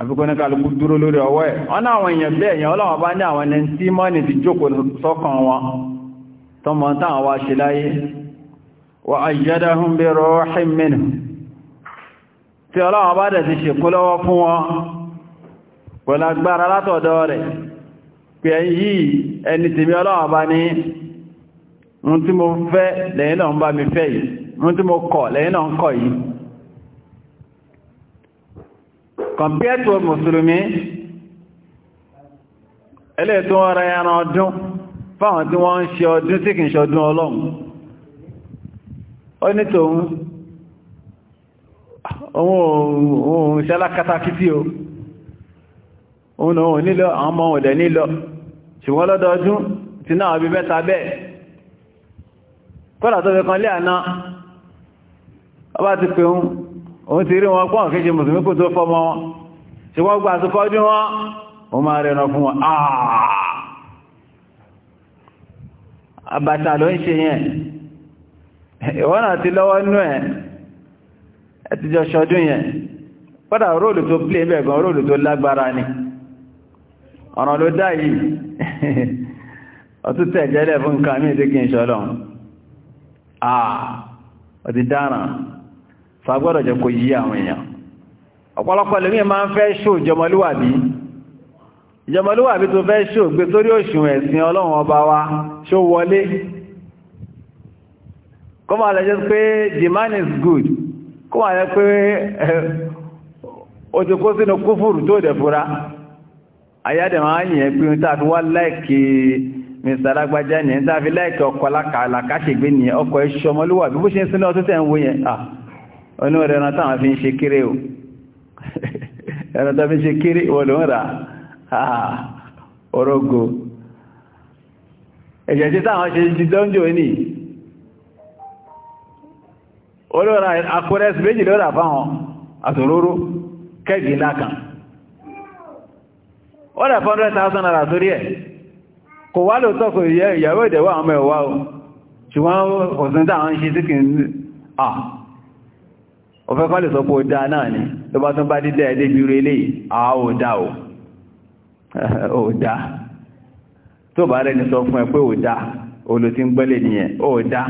àfikún ní kálukú dúró lórí ọwọ́ ẹ̀ wọ́n náà àwọn èèyàn bẹ́ẹ̀ yẹn ọlọ́wọ́ bá ní àwọn ẹni tí mọ́ni ti jókòó sọ́kàn wọn tọmọ táwọn wá ṣe láyé wa ayyadahum bi ruhin minhu compared to mùsùlùmí ẹlẹ́ tó wọ́n fa ẹran ọdún fáwọn tí wọ́n ń ṣe ọdún tí kìí ṣe ọdún ọlọ́run ó ní tòun ohun ṣẹ́lákátá kìtì o òun náà nílọ àwọn ọmọ òdẹ̀ nílọ ṣùgbọ́n lọ́dọọdún ti náà bí mẹ́ta bẹ́ẹ̀ kọ́lá tó fẹ́ kan lé àná ọba ti pè ohun òun ti rí wọn pọ́n kéje mùsùlùmí kò tó fọ́mọ wọn ṣe wọ́n gbà àsìkò ọdún wọn o máa rẹ̀nà fún wọn àbàtà ló ń ṣe yẹn ìwọ́n náà ti lọ́wọ́ nú ẹ̀ ẹ ti jọ ṣọdún yẹn padà róòlù tó plé bẹ̀gàn róòlù tó lágbára ni ọ̀ràn ló dá yìí (laughs) ọtún tẹ̀jẹ́lẹ̀ fún nǹkan mí sagbọ́dọ̀ jẹ́ kó yí àwọn èèyàn ọ̀pọ̀lọpọ̀ lèmí máa ń fẹ́ ṣò ìjọmọlúwàbí ìjọmọlúwàbí tó fẹ́ ṣò gbé sórí òṣùn ẹ̀sìn ọlọ́run ọba wa ṣó wọlé kó máa lẹ́jẹ́ pé the man is good kó máa lẹ́ pé o eh, ti kó sínú kúfùrù tó dẹ̀ fura ayádẹ̀ máa ń yẹn pé tàbí wá láìkì mr alágbájá nìyẹn tàbí láìkì ọkọ̀ alákàlà káṣègbè bó ṣe ń sínú ọtún ń wo yẹn ah onú rẹ̀ ẹran táwọn fi ń ṣe kéré o ẹran tó fi ń ṣe ọ wọ́n rà ọ̀rọ̀gọ̀ ẹ̀jẹ̀ tí táwọn ṣe ti dọ́njò ní olóra akúrẹ́sì méjì lóra fáwọn àtòróró kẹ́gì lákan ó rẹ̀ 400,000 naira sórí ẹ̀ kò wá lóòtọ́ ya ìyàwó ìdẹ̀wọ́ wa ọmọ ẹ̀wà o ṣùgbọ́n ọ̀sán táwọn ṣe síkìn ah ó fẹ́ kọ́ lè sọ pé ó náà ni tó bá tún bá dídá ẹ̀ débi irú eléyìí àá ò dáa o ò (laughs) dáa tó bá rẹ̀ ní sọ fún ẹ pé ò dáa olù ti ń gbẹ́lẹ̀ nìyẹn ò dáa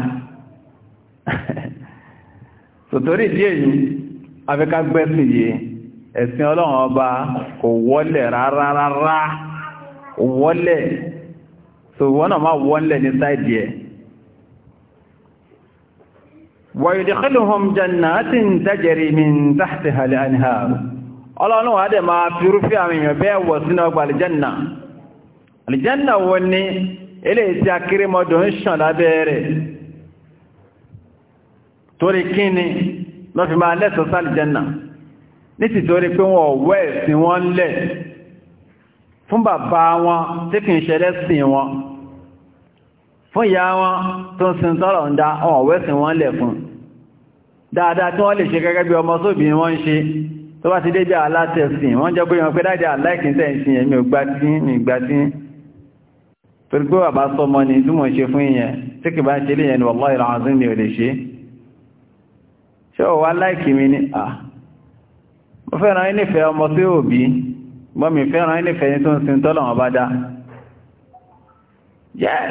(laughs) sòtórí díẹ̀ yìí afẹ́ká gbẹ́sìn yìí ẹ̀sìn ọlọ́run ọba kò wọlẹ̀ rárá rárá kò wọlẹ̀ sòwọ́n ní sáìdì ẹ̀ ويدخلهم جنات تجري من تحتها الأنهار الله نو هذا ما في عمي يبيع وسنوى الجنة الجنة وني إلي ساكري مدون الشنة بيري torí kí ni lọ fi máa lẹ́sọ sálìjẹ́nà ní ti torí pé wọ́n wẹ́ sí wọ́n lẹ̀ fún bàbá wọn tí kìí ṣẹlẹ́sìn wọn fún ìyá wọn tó ń sin tọ́rọ̀ ń dá ọ̀wọ̀ wẹ́sìn wọn lẹ̀ fún dáadáa tí wọ́n lè ṣe gẹ́gẹ́ bí ọmọ sóbì wọ́n ń ṣe tó bá ti dédé alátẹ̀sìn wọ́n jẹ́ pé wọn pé dáadáa aláìkíntẹ̀ ń ṣe ẹ̀mí ògbá tí ní ìgbà tí torí pé bàbá sọmọ ní túnmọ̀ ṣe fún ìyẹn tí kì bá ṣe lè yẹn wallahi alazim mi ò lè ṣe ṣe ò wá láìkí yes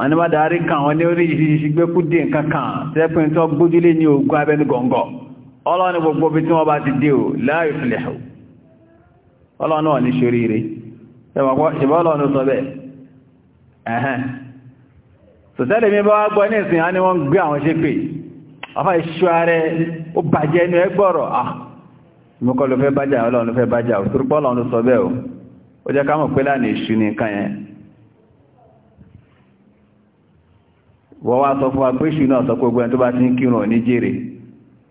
àwọn onímọ̀dárí kan àwọn oníorí ìṣiṣi gbé kú dé nǹkan kan tẹ́pin tó gbójúlé ní ogun abẹ́nu gọ̀ǹgọ̀ ọlọ́ni gbogbo bí tí wọ́n bá ti dé o la yuflihu ọlọ́ni wọ́n ní ṣoríire ṣùgbọ́n ọlọ́ni sọ bẹ́ẹ̀ ah wọ́n wá sọ fún wa pé ṣùgbọ́n sọ pé gbogbo ẹni tó bá ti ń kírun ní jèrè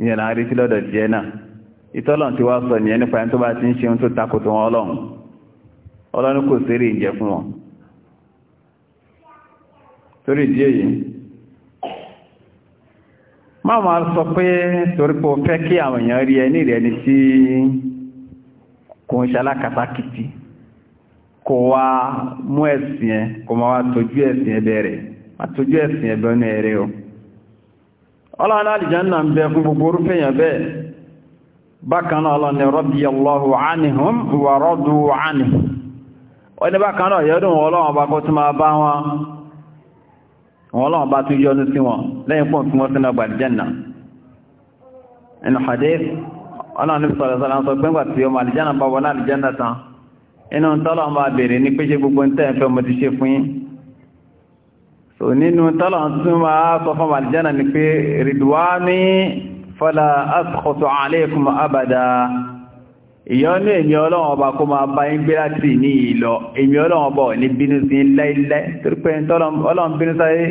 ìyẹn náà rí sí lọ́dọ̀ jẹ́ náà ìtọ́lọ̀ tí wá sọ nìyẹn nípa ẹni tó bá ti ń ṣe ohun tó takò tó wọn ọlọ́run ọlọ́run kò sérè ìjẹ fún wọn torí ìdí èyí máa máa sọ pé torí pé o fẹ́ kí àwọn èèyàn rí ẹni rẹ̀ ní tí kò ń ṣalákatakìtì kò wá mú ẹ̀sìn ẹ kò máa wá tójú ẹ̀sìn ẹ bẹ̀rẹ̀ àtòjú ẹ̀sìn ẹ̀bẹ̀ ní ẹ̀rẹ́ o ọlọ́run alìjánà ń bẹ fún gbogbo orúfẹ́ èèyàn bẹ́ẹ̀ bákanáà ọlọ́ni radiyallahu anhum wa radu anhu ọdí bákanáà yẹ́dùn ọlọ́run bá kó tí máa bá wọn ọlọ́run bá tún yọ́nú sí wọn lẹ́yìn fún wọn so nínú tọ́lọ̀ tún máa sọ fún àlìjánà ni pé ridwani fala askhatu alaykum abada ìyọ́nú èmì ọlọ́wọ́n ọba kó máa bá yín gbé láti ní ìlọ èmì ọlọ́wọ́n ọba ní bínú sí láìlẹ́ torípé ọlọ́wọ́n bínú sáyé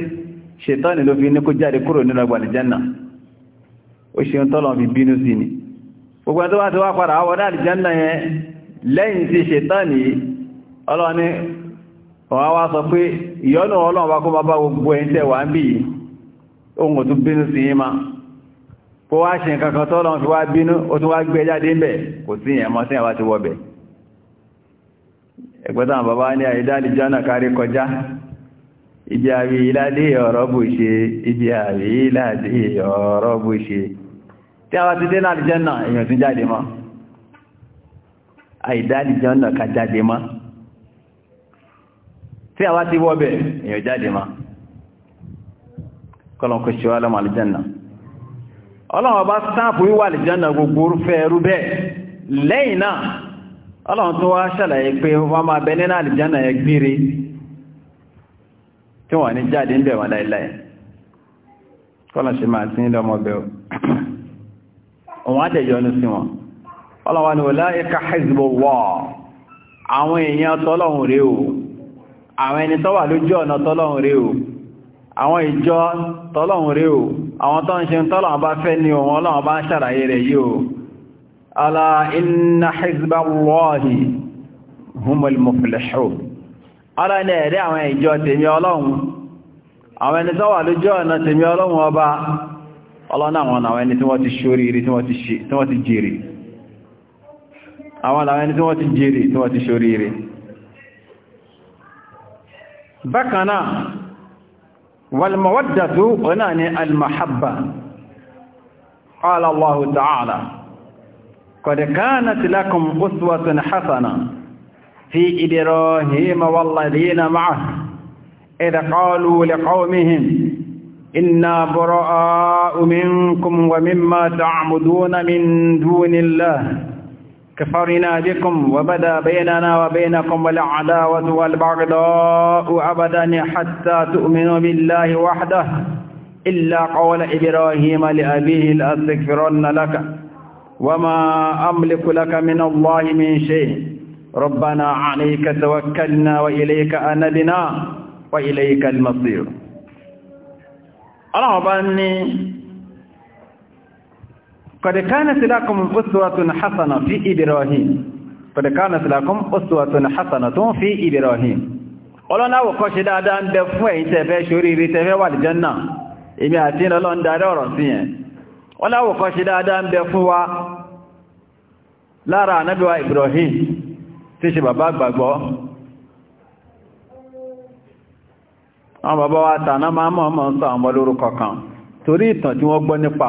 ṣètọ́nì ló fi ní kó jáde kúrò nínú ọgbà àlìjánà ó ṣe ń tọ́lọ̀ fi bínú sí ni gbogbo ẹni tó bá ti wá padà wọ́n dá àlìjánà yẹn lẹ́yìn tí ṣètọ́nì ọlọ́wọ́n wọ́n wá sọ pé ìyọ́nà ọlọ́run bá kó bá bá gbogbo ẹ̀yin tẹ́ wà ń bí ohun òtún bínú sí yín ma kó wá ṣe nǹkan kan tọ́lọ́run fi wá bínú ó tún wá gbé e jáde ń bẹ̀ kò sí ìyẹn mọ́ sí ẹ̀wà ti wọ́ bẹ̀ ẹgbẹ́ta bàbá ní àìdáàlì jọ́nà kárí kọjá ibi àrí ìlàdé ọ̀rọ̀ bù ṣe ibi àrí ìlàdé ọ̀rọ̀ bù ṣe tí a wá ti dé láti jọ́nà èèyàn tún jáde mọ́ àìdáàlì jọ́nà ká jáde mọ́ tí a wá ti wọ́bẹ̀ èèyàn jáde ma kọlọ̀kọ̀ ṣe wá lọ́mọ alìjẹ́nà ọlọ́wọ́ bá sáàpù wíwà alìjẹ́nà gbogbo orúfẹ́ ẹrú lẹ́yìn náà tó wá ṣàlàyé pé wọ́n máa bẹ nínú alìjẹ́nà ẹ gbére tí wọ́n ní jáde ń wọ́n láìláì kọlọ̀ ṣe máa (clears throat) àwọn ẹni tó wà lójú ọ̀nà tọ́lọ́run rẹ̀ o àwọn ìjọ tọ́lọ́run rẹ̀ o àwọn tó ń ṣe tọ́lọ́run bá fẹ́ ni òun ọlọ́run bá ń ṣàlàyé rẹ̀ yìí o ala inna hizballahi humul muflihun ala ní àwọn àwọn ẹni tí wọ́n ti ṣoríire tí wọ́n ti jèrè بكنا والمودة غنان المحبة قال الله تعالى قد كانت لكم أسوة حسنة في إبراهيم والذين معه إذا قالوا لقومهم إنا براء منكم ومما تعبدون من دون الله كفرنا بكم وبدا بيننا وبينكم العداوة والبغضاء أبدا حتى تؤمنوا بالله وحده إلا قول إبراهيم لأبيه لأستغفرن لك وما أملك لك من الله من شيء ربنا عليك توكلنا وإليك أنبنا وإليك المصير أنا أبني قد كانت لكم أسوة حسنة في إبراهيم قد كانت لكم أسوة حسنة في إبراهيم ọlọ́nà àwòkọ́ṣe dáadáa ń bẹ fún ẹ̀yin tẹ́fẹ́ ṣoríire tẹ́fẹ́ wà lè jẹ́nà èmi àti ìrọlọ́ ń darí ọ̀rọ̀ sí yẹn Ibrahim tí ṣe bàbá gbagbo. àwọn bàbá wa tàná máa mọ́ sọ àwọn kan torí ìtàn tí wọ́n gbọ́ nípa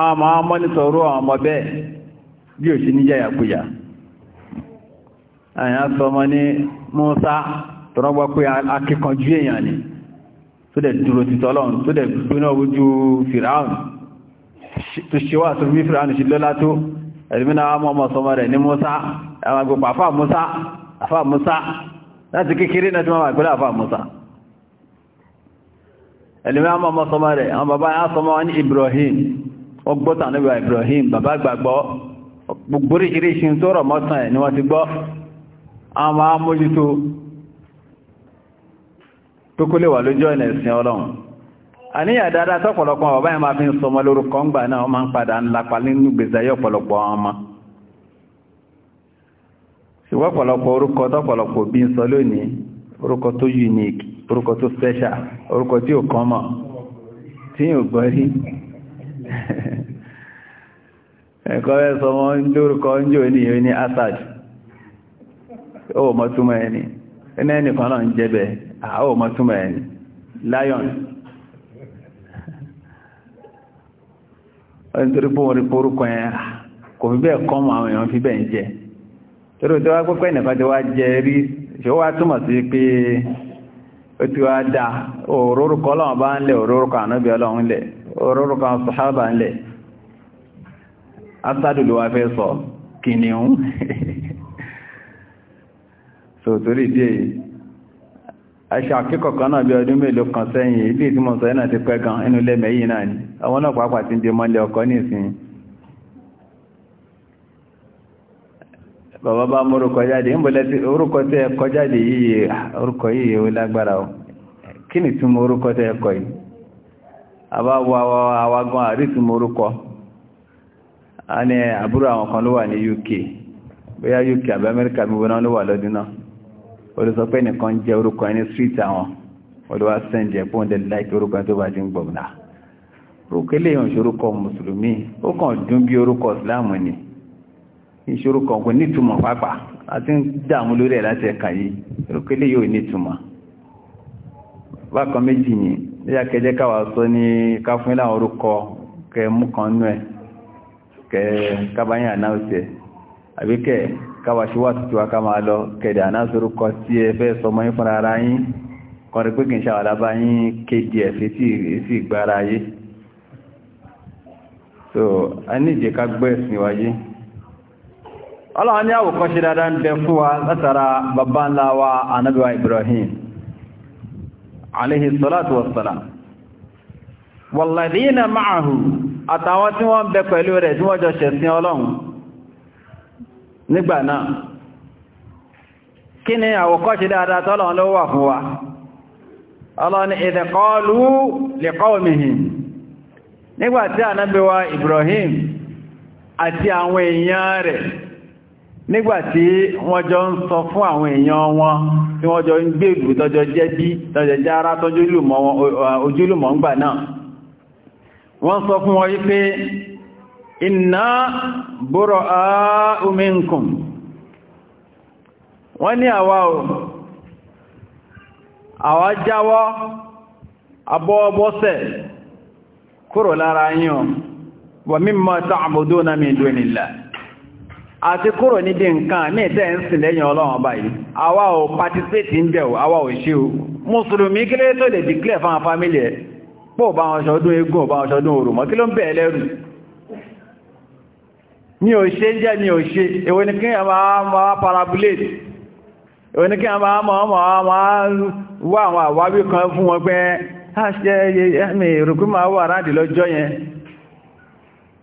àwọn ọmọ ọmọ nítorú àwọn ọmọ bí ò sí ní jẹ́yàkúyà àyàn sọ ọmọ ní Musa tọ́rọgbọ́ pé akíkanjú èèyàn ni tó dẹ̀ dúró ti tọ́lọ́run tó dẹ̀ gbóná ojú Firaun tó ṣe wà tó bí Firaun Musa àwọn agbègbè Musa àfà Musa láti kékeré náà tí wọ́n wà Musa ẹ̀lúmínà ọmọ ọmọ sọmọ rẹ̀ àwọn bàbá yá sọmọ wọn ní Ibrahim ọgbọ́ta níbi Ibrahim bàbá gbàgbọ́ gbogbo oríṣiríṣi tó rọ̀ mọ́sàn ẹ̀ ni wọ́n ti gbọ́ àwọn amójútó tó kó lè wà lójú ọ̀nà ẹ̀sìn ọlọ́run àníyàn dáadáa tọ́pọ̀lọpọ̀ bàbá yẹn máa fi ń sọmọ lórúkọ ńgbà náà máa ń padà ńlá palí nínú gbèsè ayé ọ̀pọ̀lọpọ̀ àwọn ọmọ ṣùgbọ́n ọ̀pọ̀lọpọ̀ orúkọ tọ́pọ̀lọpọ̀ bí ń sọ lónìí orúkọ tó unique orúkọ tó special orúkọ tí ò kọ́mọ̀ tí ò gbọ́ rí (laughs) ẹ̀kọ́ ẹ̀ mọ́ lórúkọ Assad ó túnmọ̀ ẹni ẹni ẹnìkan náà ń jẹ́bẹ̀ túnmọ̀ ẹni lion ẹni torí pé wọ́n rí porúkọ kò fi bẹ́ẹ̀ kọ́ mọ́ àwọn èèyàn fi bẹ́ẹ̀ jẹ jẹ orórò kan sọ̀hábà ńlẹ̀ asádù fẹ́ sọ kìnnìún so torí díẹ̀ aṣọ akẹ́kọ̀ọ́ náà bí ọdún mélòó kan sẹ́yìn ilé tí mọ̀ sọ n'a ti pẹ́ gan inú lẹ́mẹ̀ yìí náà ni àwọn náà pàápàá ti ń àbá wọ àwagan àrísùn morúkọ a ní àbúrò àwọn kan ló wà ní UK bóyá UK àbí Amẹ́ríkà mi wọ́n ló wà lọ́dún náà olùsọ pé nìkan jẹ́ orúkọ ẹni street àwọn olùwà sẹ́ǹjẹ̀ pọ́n dẹ̀ láìkí orúkọ ẹni tó bá dín gbọ̀m náà orúkọ eléyàn ìṣorúkọ mùsùlùmí ó kàn dún bí orúkọ ìsìláàmù ni ìṣorúkọ kò nítumọ̀ pápá àti ń dààmú lórí ẹ̀ láti ẹ̀ka yìí orúkọ eléyìí ò nítumọ̀ bákan méjì yìí yíya kẹjẹ́ káwà sọ ní káfínlá orúkọ kẹ mú kan nú ẹ̀ kẹ kábáyé ànáwùsẹ̀ àbí kẹ káwà ṣíwà tuntun wa ká máa lọ kẹdẹ̀ ànáwùsọ̀rúkọ tí ẹ fẹ́ sọmọ yín fúnra ara yín kọrí pé kì í ṣàwàdà bá yín kéde ẹ̀fẹ́ sí ìgbára ayé so a ní ìjẹ́ ká gbọ́ ẹ̀sìn wáyé ọlọ́run ní àwòkọ́ṣe dáadáa ń bẹ fún wa látara bàbá ńlá wa Ibrahim alayhi salatu wassalam walladhina ma'ahu àtàwọn tí wọ́n bẹ pẹ̀lú rẹ̀ tí wọ́n jọ ṣẹ̀sìn ọlọ́run nígbà náà kí ni àwòkọ́ṣe dáadáa tọ́lọ́run ló wà fún wa ọlọ́ni ìdẹ̀kọ́lú liqawmihim nígbàtí nígbàtí wọ́n jọ ń sọ fún àwọn èèyàn wọn tí wọ́n jọ ń gbé ìlú tọ́jọ jẹ́ bí tọ́jọ jẹ́ ara tọ́jú ojúlùmọ̀ ń gbà náà wọ́n sọ fún wọn wípé inna bura'u minkum wọ́n ní àwa ò àwa jáwọ́ abọ́ọbọ́sẹ̀ kúrò lára yín wa mimma ta'buduna min dunillah àti kúrò níbi nǹkan ní ìtẹ́ ń sì lẹ́yìn ọlọ́run ọba yìí àwa ò patisẹ́tì ń bẹ̀ àwa ò ṣe o mùsùlùmí kí lé tó lè dìklẹ̀ fún àwọn fámílì ẹ̀ pọ̀ bá wọn ṣọdún eégún bá wọn ṣọdún òrùmọ́ kí ló ń bẹ̀ lẹ́rù ní ò ṣe jẹ́ ní ò ṣe èwo ni kí a máa parabulate èwo ni kí a máa wá àwọn àwáwí kan fún wọn pé ṣe ẹ̀mì ìrùkú máa wà ráàdì lọ́jọ́ yẹn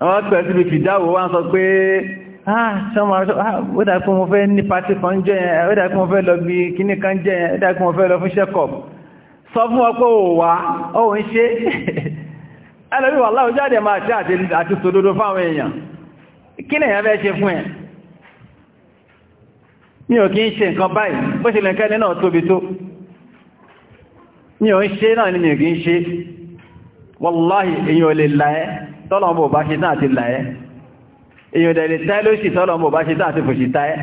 wọ́n pẹ̀ síbi fìdáwò wọ́n sọ pé Ah, ah, ó dà kí mo fẹ́ ní pàtí kan jẹ́ yẹn ó dà mo fẹ́ lọ bí kíní kan jẹ́ ó dà mo fẹ́ lọ fún check-up sọ fún ọ pé ò wá ó ń ṣe ẹlẹ́bí wà láwọ́ jáde máa ṣe àti sòdodo fáwọn èèyàn kí ni èèyàn fẹ́ ṣe fún ẹ mi ò kí ń ṣe nǹkan báyìí bó ṣe lẹ́kẹ́ náà tóbi tó mi ò ń ṣe náà èyàn dẹ̀ lè tẹ́ ló ṣì tọ́lọ mọ̀ bá ṣe tán àti fòṣì táẹ́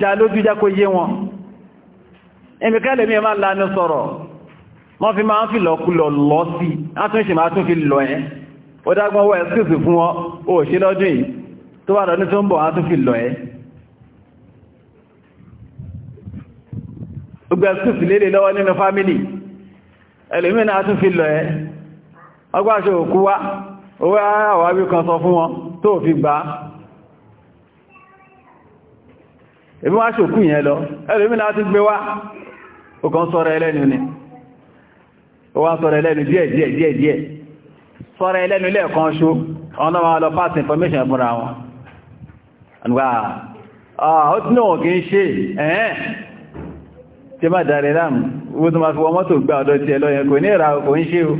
já lójú já kó yé wọn ẹmìkẹ́lẹ̀ mi máa lánú sọ̀rọ̀ wọ́n fi máa ń fi lọ́kúlọ̀ lọ sí átúnṣe máa tún fi lọ ẹ́ ó dágbọ́n wọ́ ẹ̀sùsù fún wọn ó ṣe lọ́dún yìí tó wà lọ́dún tó ń bọ̀ á fi lọ ẹ́ gbogbo ẹ̀sùsù lélẹ̀ lọ́wọ́ nínú fámílì ẹlòmínà á fi lọ ẹ́ ọgbà ṣe òkú wá owó àwábí kan sọ fún wọn tó fi gbá ebi wá ṣòkú yẹn lọ ẹlòmí láti gbé wá ó kàn sọ́rọ̀ ẹlẹ́nu ni ó wá sọ́rọ̀ ẹlẹ́nu díẹ̀ díẹ̀ díẹ̀ díẹ̀ sọ́rọ̀ ẹlẹ́nu lẹ́ẹ̀kan pass information fúnra wọn àgbà ó tí náà kì í ṣe ẹ̀ẹ́ tí má dàrí láàmù owó tó má fi wọ́n mọ́tò gbá ọ̀dọ̀ tí ẹ lọ yẹn kò ní ìrà kò ń ṣe o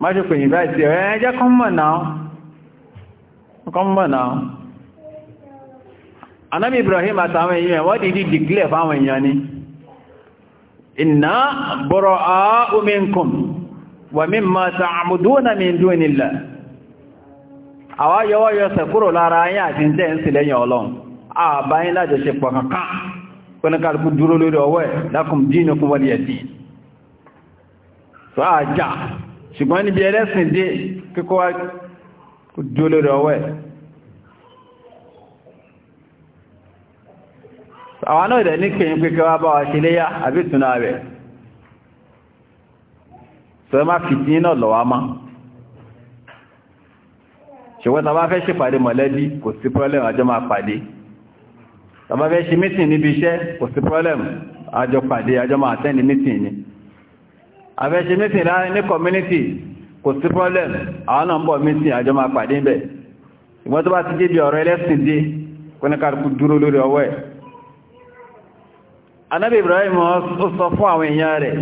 má ṣe pè yìnbá ìtì ẹ̀ ẹ́ jẹ́ kọ́ Ibrahim àtàwọn èèyàn wọ́n dìdí dìklẹ̀ fáwọn èèyàn ni inna bura'a'u minkum wa mimma ta'buduna min dunillah àwa yọwọ́ yọsẹ̀ kúrò lára ayé àti jẹ́ ń sílẹ̀yìn ọlọ́run àbáyín lájọṣepọ̀ kankan pẹ́lẹ́kàlùkù dúró lórí ọwọ́ ẹ̀ lakum dinukum waliyadin ṣùgbọ́n níbi ẹlẹ́sìn dé kíkọ́ wá jó lórí ọwọ́ ẹ̀ àwọn náà dẹ̀ ní kìí pé kẹwàá bá wa ṣe léyá àbí ìtùnà rẹ̀ sọ má fìtí náà lọ́wọ́ má ṣùgbọ́n tàbá fẹ́ ṣèpàdé mọ̀lẹ́bí kò sí pọ́lẹ̀mù àjọ máa pàdé tàbá fẹ́ ṣe mítìn níbi iṣẹ́ kò sí pọ́lẹ̀mù àjọ pàdé àjọ máa tẹ́ni mítìn ni àfẹ́ṣe mítìn láàrin ní community kò sí problem àwọn náà ń bọ̀ mítìn àjọ máa pàdé bẹ̀ ìwọ́n tó bá ti dé bí ọ̀rọ̀ ẹlẹ́sìn dé kó ní kàrùkù dúró lórí ọwọ́ ẹ̀ anábì Ibrahim ó sọ fún àwọn èèyàn rẹ̀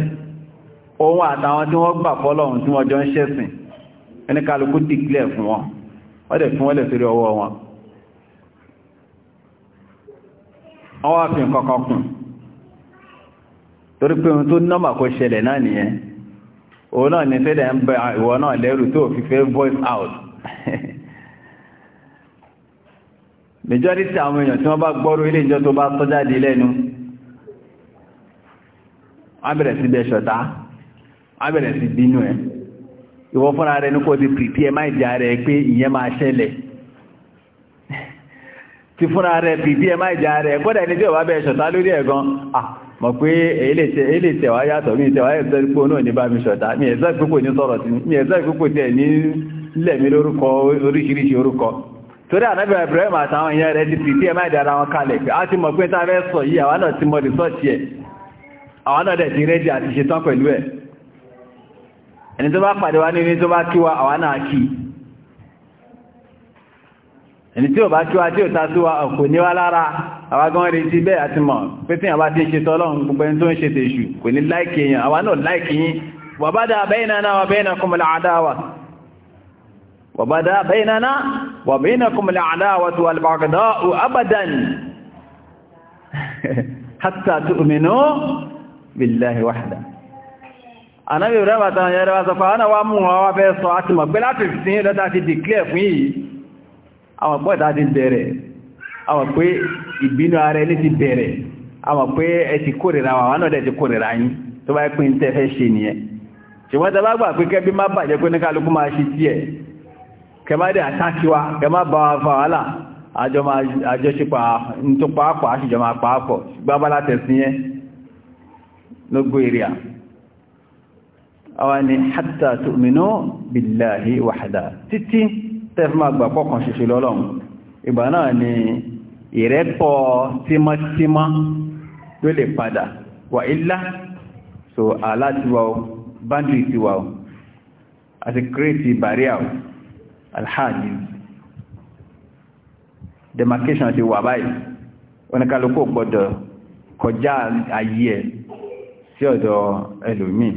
ohun àtàwọn tí wọ́n gbà fọ́lọ́hun tí wọ́n jọ ń ṣẹ̀sìn ẹni kàrùkù dìklẹ̀ fún torí pé ohun tó nọ́mà kó ṣẹlẹ̀ náà nìyẹn òun náà ní tẹ́lẹ̀ ń bẹ ìwọ náà lẹ́rù tó fi fẹ́ voice out majority àwọn èèyàn tí wọ́n bá gbọ́rú ilé ìjọ tó bá tọ́jáde lẹ́nu ábẹ̀rẹ̀ sí bẹ́ ṣọ̀tá ábẹ̀rẹ̀ sí bínú ẹ̀ ìwọ fúnra rẹ̀ ní kò ti prepare máa ìjà rẹ̀ pé ìyẹn máa ṣẹlẹ̀ ti fúnra rẹ̀ prepare máa ìjà rẹ̀ kọ́dà ẹni tí ò bá bẹ́ ṣọ̀tá lórí ẹ̀ gan ah, mọ̀ pé èlé tẹ̀wá yàtọ̀ mí tẹ̀wá ẹ̀sọ́ náà ní bá mi ṣọ̀tá mi ẹ̀sọ́ ní sọ̀rọ̀ sí mi tẹ̀ ní lórúkọ oríṣiríṣi orúkọ torí ànábì Ibrahim àtàwọn èèyàn rẹ̀ ti fi tí ẹ máa dára wọn kalẹ̀ pé a ti mọ̀ pé sọ yìí àwọn náà ti mọ̀ lè tiẹ̀ àwọn náà dẹ̀ ti àti ṣetán pẹ̀lú ẹ̀ ẹni tó bá pàdé wa ní ní tó bá kí wa àwọn náà ẹni tí ò bá kí wa tí ò ta sí wa kò ní wa lára àwagán rí ti bẹ́ẹ̀ àti mọ̀ pé tí àbá ti ń ṣe tọ́lọ́run gbogbo ẹni tó ń ṣe tèṣù kò ní láìkì èèyàn àwa náà láìkì yín wàbádá baynana wa baynakum al-adawa wàbádá baynana wa yẹrẹ (laughs) wa sọ fà ánà wa mú wa wá fẹ́ sọ àti mọ̀ pé láti sin lọ́ta ti declare fún yìí àwọn pọ́ta ti bẹ̀rẹ̀ àwọn pé ìbínú ara ẹni ti bẹ̀rẹ̀ àwọn pé ẹ ti kórìíra àwọn náà ti kórìíra yín tó bá pín tẹ́ ṣe nìyẹn ṣùgbọ́n tẹ́ bá gbà pé kẹ́bí má bàjẹ́ pé ní máa ṣe tiẹ̀ kẹ má dẹ̀ fa wàhálà àjọṣepọ̀ tẹ́fìmà gbà pọ́kàn ṣiṣẹ́ lọ́lọ́run ìgbà náà ni ìrẹ́pọ̀ tímọ́tímọ́ ló lè padà wà ilá so àlá tiwa o báńdì tiwa àti kírètì bàríà o alhaji demarcation ti wà báyìí oníkálukú gbọ́dọ̀ kọjá ayé ẹ̀ sí ọ̀dọ̀ ẹlòmíì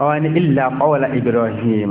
ọwọ́ ni ilá qawla Ibrahim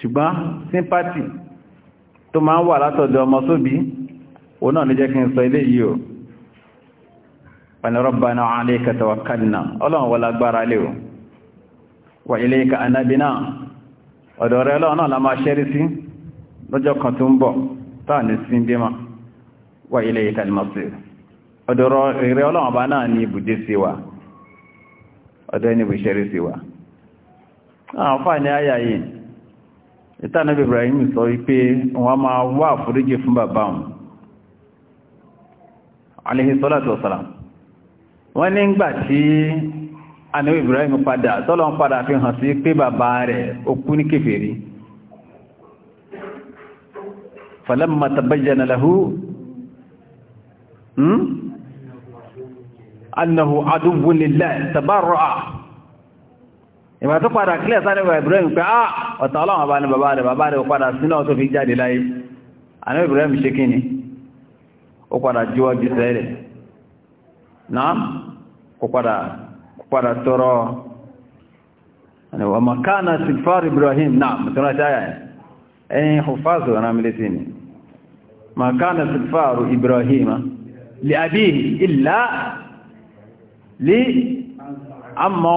ṣùgbọ́n sympathy tó máa ń wà látọ̀dọ̀ ọmọ sóbí o náà ní jẹ́ kí n sọ ilé yìí o Rabbana Rabbana alayka tawakkalna ọlọ́run wọ́n lágbára lè o wa ilayka anabina ọ̀dọ̀ rẹ̀ ọlọ́run náà la máa ṣẹ́rí sí lọ́jọ́ kan tó ń bọ̀ táà ní sí wa naa ni ìtànàbí Ibrahim sọ wípé wọ́n máa wá àforíjì fún bàbá wọn aléhìsọ́láàtì ọ̀sára wọ́n ní ìgbà tí anábí Ibrahim padà tọ́lọ ń padà fi hàn sí pé bàbá rẹ̀ ó ní kèfèrí falamma tabayyana lahu hmm, annahu aduwwun lillah tabarra'a ìgbà tó padà kílẹ̀ sáré wà Ibrahim pé ah ọ̀tà ọlọ́run bá ní bàbá rẹ̀ bàbá rẹ̀ padà sínú tó fi jáde láyé àní Ibrahim ṣe kí ni ó padà jíwájú sẹ́rẹ̀ náà kò padà tọrọ wà makana sigfar Ibrahim náà mùtúnrà ṣáyà ẹ̀yìn hufazu ramilisi ni makana sigfar Ibrahim li abihi illa li amma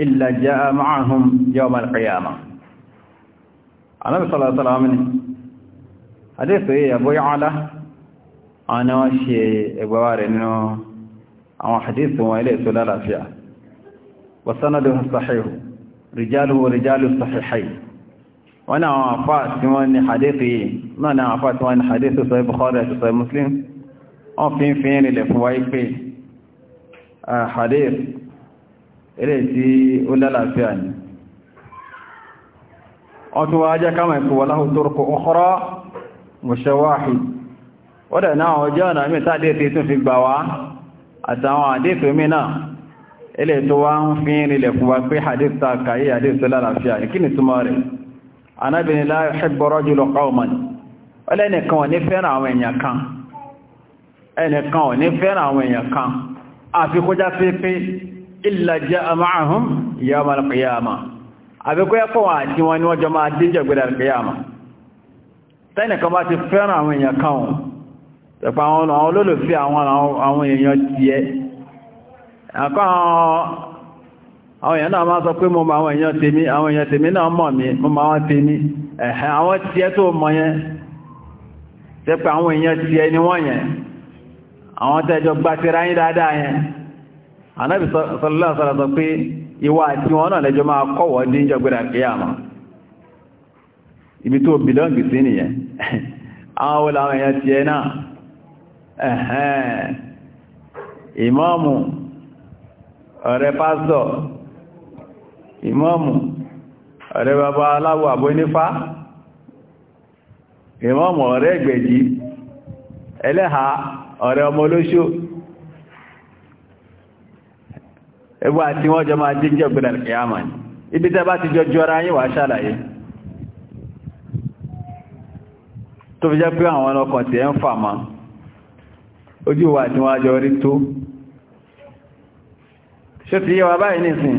إلا جاء معهم يوم القيامة النبي صلى الله عليه وسلم حديث يا أبو يعلى أنا وشي أبوار إنه أو حديث وإليه لا لا فيها وسنده صحيح رجاله رجال الصحيحين وأنا عفات وأن حديثي وأنا عفات وأن حديث صحيح بخاري صحيح مسلم أو فين فين اللي فوايك حديث eré tí ó lálàáfíà ni ọtún wá jẹ́ kama ikú wà láhù tórókò ọkọ́rọ́ mọ̀ṣẹ́wáhì ó dẹ̀ náà ọjọ́ ọ̀nà mẹ́ta àdéfẹ́ tún fi gbà wá àtàwọn àdéfẹ́ mìíràn ilẹ̀ tó wá ń fi rinlẹ̀ fún wa pé hadith ta kàyé hadith tó lálàáfíà kí ni túnmọ̀ illa jaa ma'ahum yawm al-qiyamah àbí kó yẹ kó wà tí wọ́n ní wọ́n jọ máa díjẹ̀ gbẹ̀rẹ̀ al-qiyamah tẹ́nì kan bá ti fẹ́ràn àwọn èèyàn kan wọn tẹ̀pọ̀ àwọn olólùfẹ́ àwọn èèyàn tiẹ̀ àkọ́ àwọn èèyàn náà máa sọ pé mo mọ àwọn èèyàn tèmi ni wọ́n yẹn àwọn tẹ́jọ gbátíra yín dáadáa yẹn anábì sọlọ́lá sọ pé ìwà àti wọn náà lẹ́jọ máa kọ́wọ́ ní ìjọgbẹ̀rẹ̀ àkíyàmà ibi tó bìlọ́ǹgì sí nìyẹn (laughs) àwọn wọlé àwọn èèyàn ti ẹ ẹ̀hẹ́n ìmọ́ọ̀mù ọ̀rẹ́ pásọ̀ ìmọ́ọ̀mù ọ̀rẹ́ bàbá aláwọ̀ àbónífá ìmọ́ọ̀mù ọ̀rẹ́ ẹgbẹ̀jì ẹlẹ́ha ọ̀rẹ́ ọmọ olóṣòó ẹgbà àti wọ́n jọ máa jíjọ gbẹ̀rẹ̀ kìyàmà ní ibi tẹ́ bá ti jọ jọra yín wà ṣàlàyé tó fi jẹ́ pé àwọn ọkọ̀ tí ẹ ń fà máa ojú wà tí wọ́n jọ rí tó ṣe ti yẹ wà báyìí nìsìn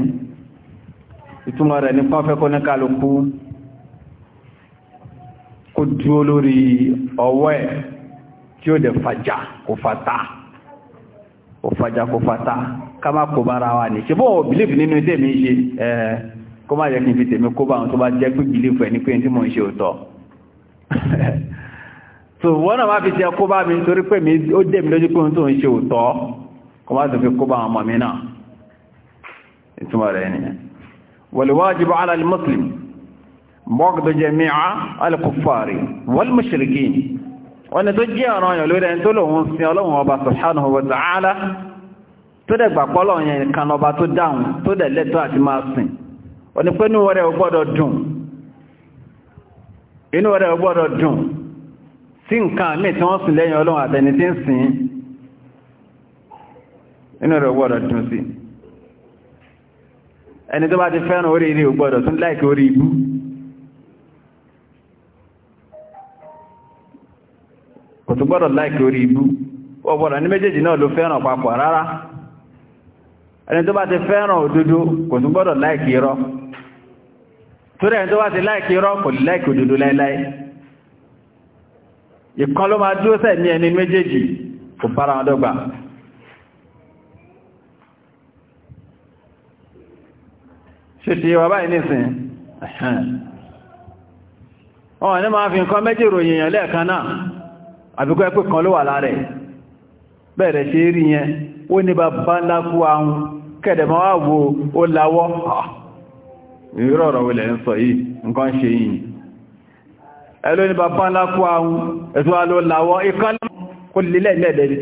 ìtumọ̀ rẹ̀ ní pọ́nfẹ́ kó ní kálukú kó dúó lórí ọwọ́ ẹ̀ tí ó dẹ̀ fàjà kò fàtà kò fàjà kò fàtà ká má kó bára wa ní ṣe bó bìlífù nínú tèmi ṣe ẹ kó má jẹ́ kí n fi tèmi kó bá àwọn tó bá jẹ́ pé bìlífù ẹ̀ ní pé tí mò ń ṣe òótọ́ (laughs) so wọ́n náà má fi jẹ́ kó bá mi torí pé mi ó dé mi lójú pé ohun tó ń ṣe òótọ́ kó má tó fi kó bá àwọn ọmọ mi náà ìtumọ̀ rẹ̀ nìyẹn والواجب على المسلم بغض جميع الكفار والمشركين وأن تجي أنا يقول أن تلوه سبحانه وتعالى tó dẹ̀ gbàpọ́lọ̀ yẹn kan ọba tó dáhùn tó dẹ̀ lẹ́tọ́ àti máa sìn ọ̀nà pé inú ọgbọ́dọ̀ dùn inú ọgbọ́dọ̀ dùn sí nǹkan mí tí wọ́n sìn lẹ́yìn ọlọ́run àtẹni tí ń sìn inú ọgbọ́dọ̀ dùn sí ẹni tó bá ti fẹ́ràn ọgbọ́dọ̀ tún ẹni tó bá ti fẹ́ràn òdodo kò tún gbọ́dọ̀ láìkì irọ́ torí ẹni tó bá ti láìkì irọ́ kò lè láìkì òdodo láíláí ìkan ló máa dúró sẹ́ẹ̀mí ẹni méjèèjì kò bára wọn dọ́gba ṣíṣe wà báyìí nìsìn ọ̀hún ni máa fi nǹkan méjì ròyìn èèyàn lẹ́ẹ̀kan náà àbíkọ́ ẹ̀pẹ́ kan bẹ̀rẹ̀ ṣe rí yẹn ó ní bá bá ńlá kú ahun kẹ́dẹ̀mọ́ wà wo ó láwọ́ ìrọ̀rọ̀ ah. wọlẹ̀ ń sọ yìí nǹkan ṣe yìí ẹlò ní bá bá ńlá kú ahun ẹ̀tọ́ wà ló láwọ́ ikán kó lílẹ̀ ilẹ̀ ẹ̀dẹ̀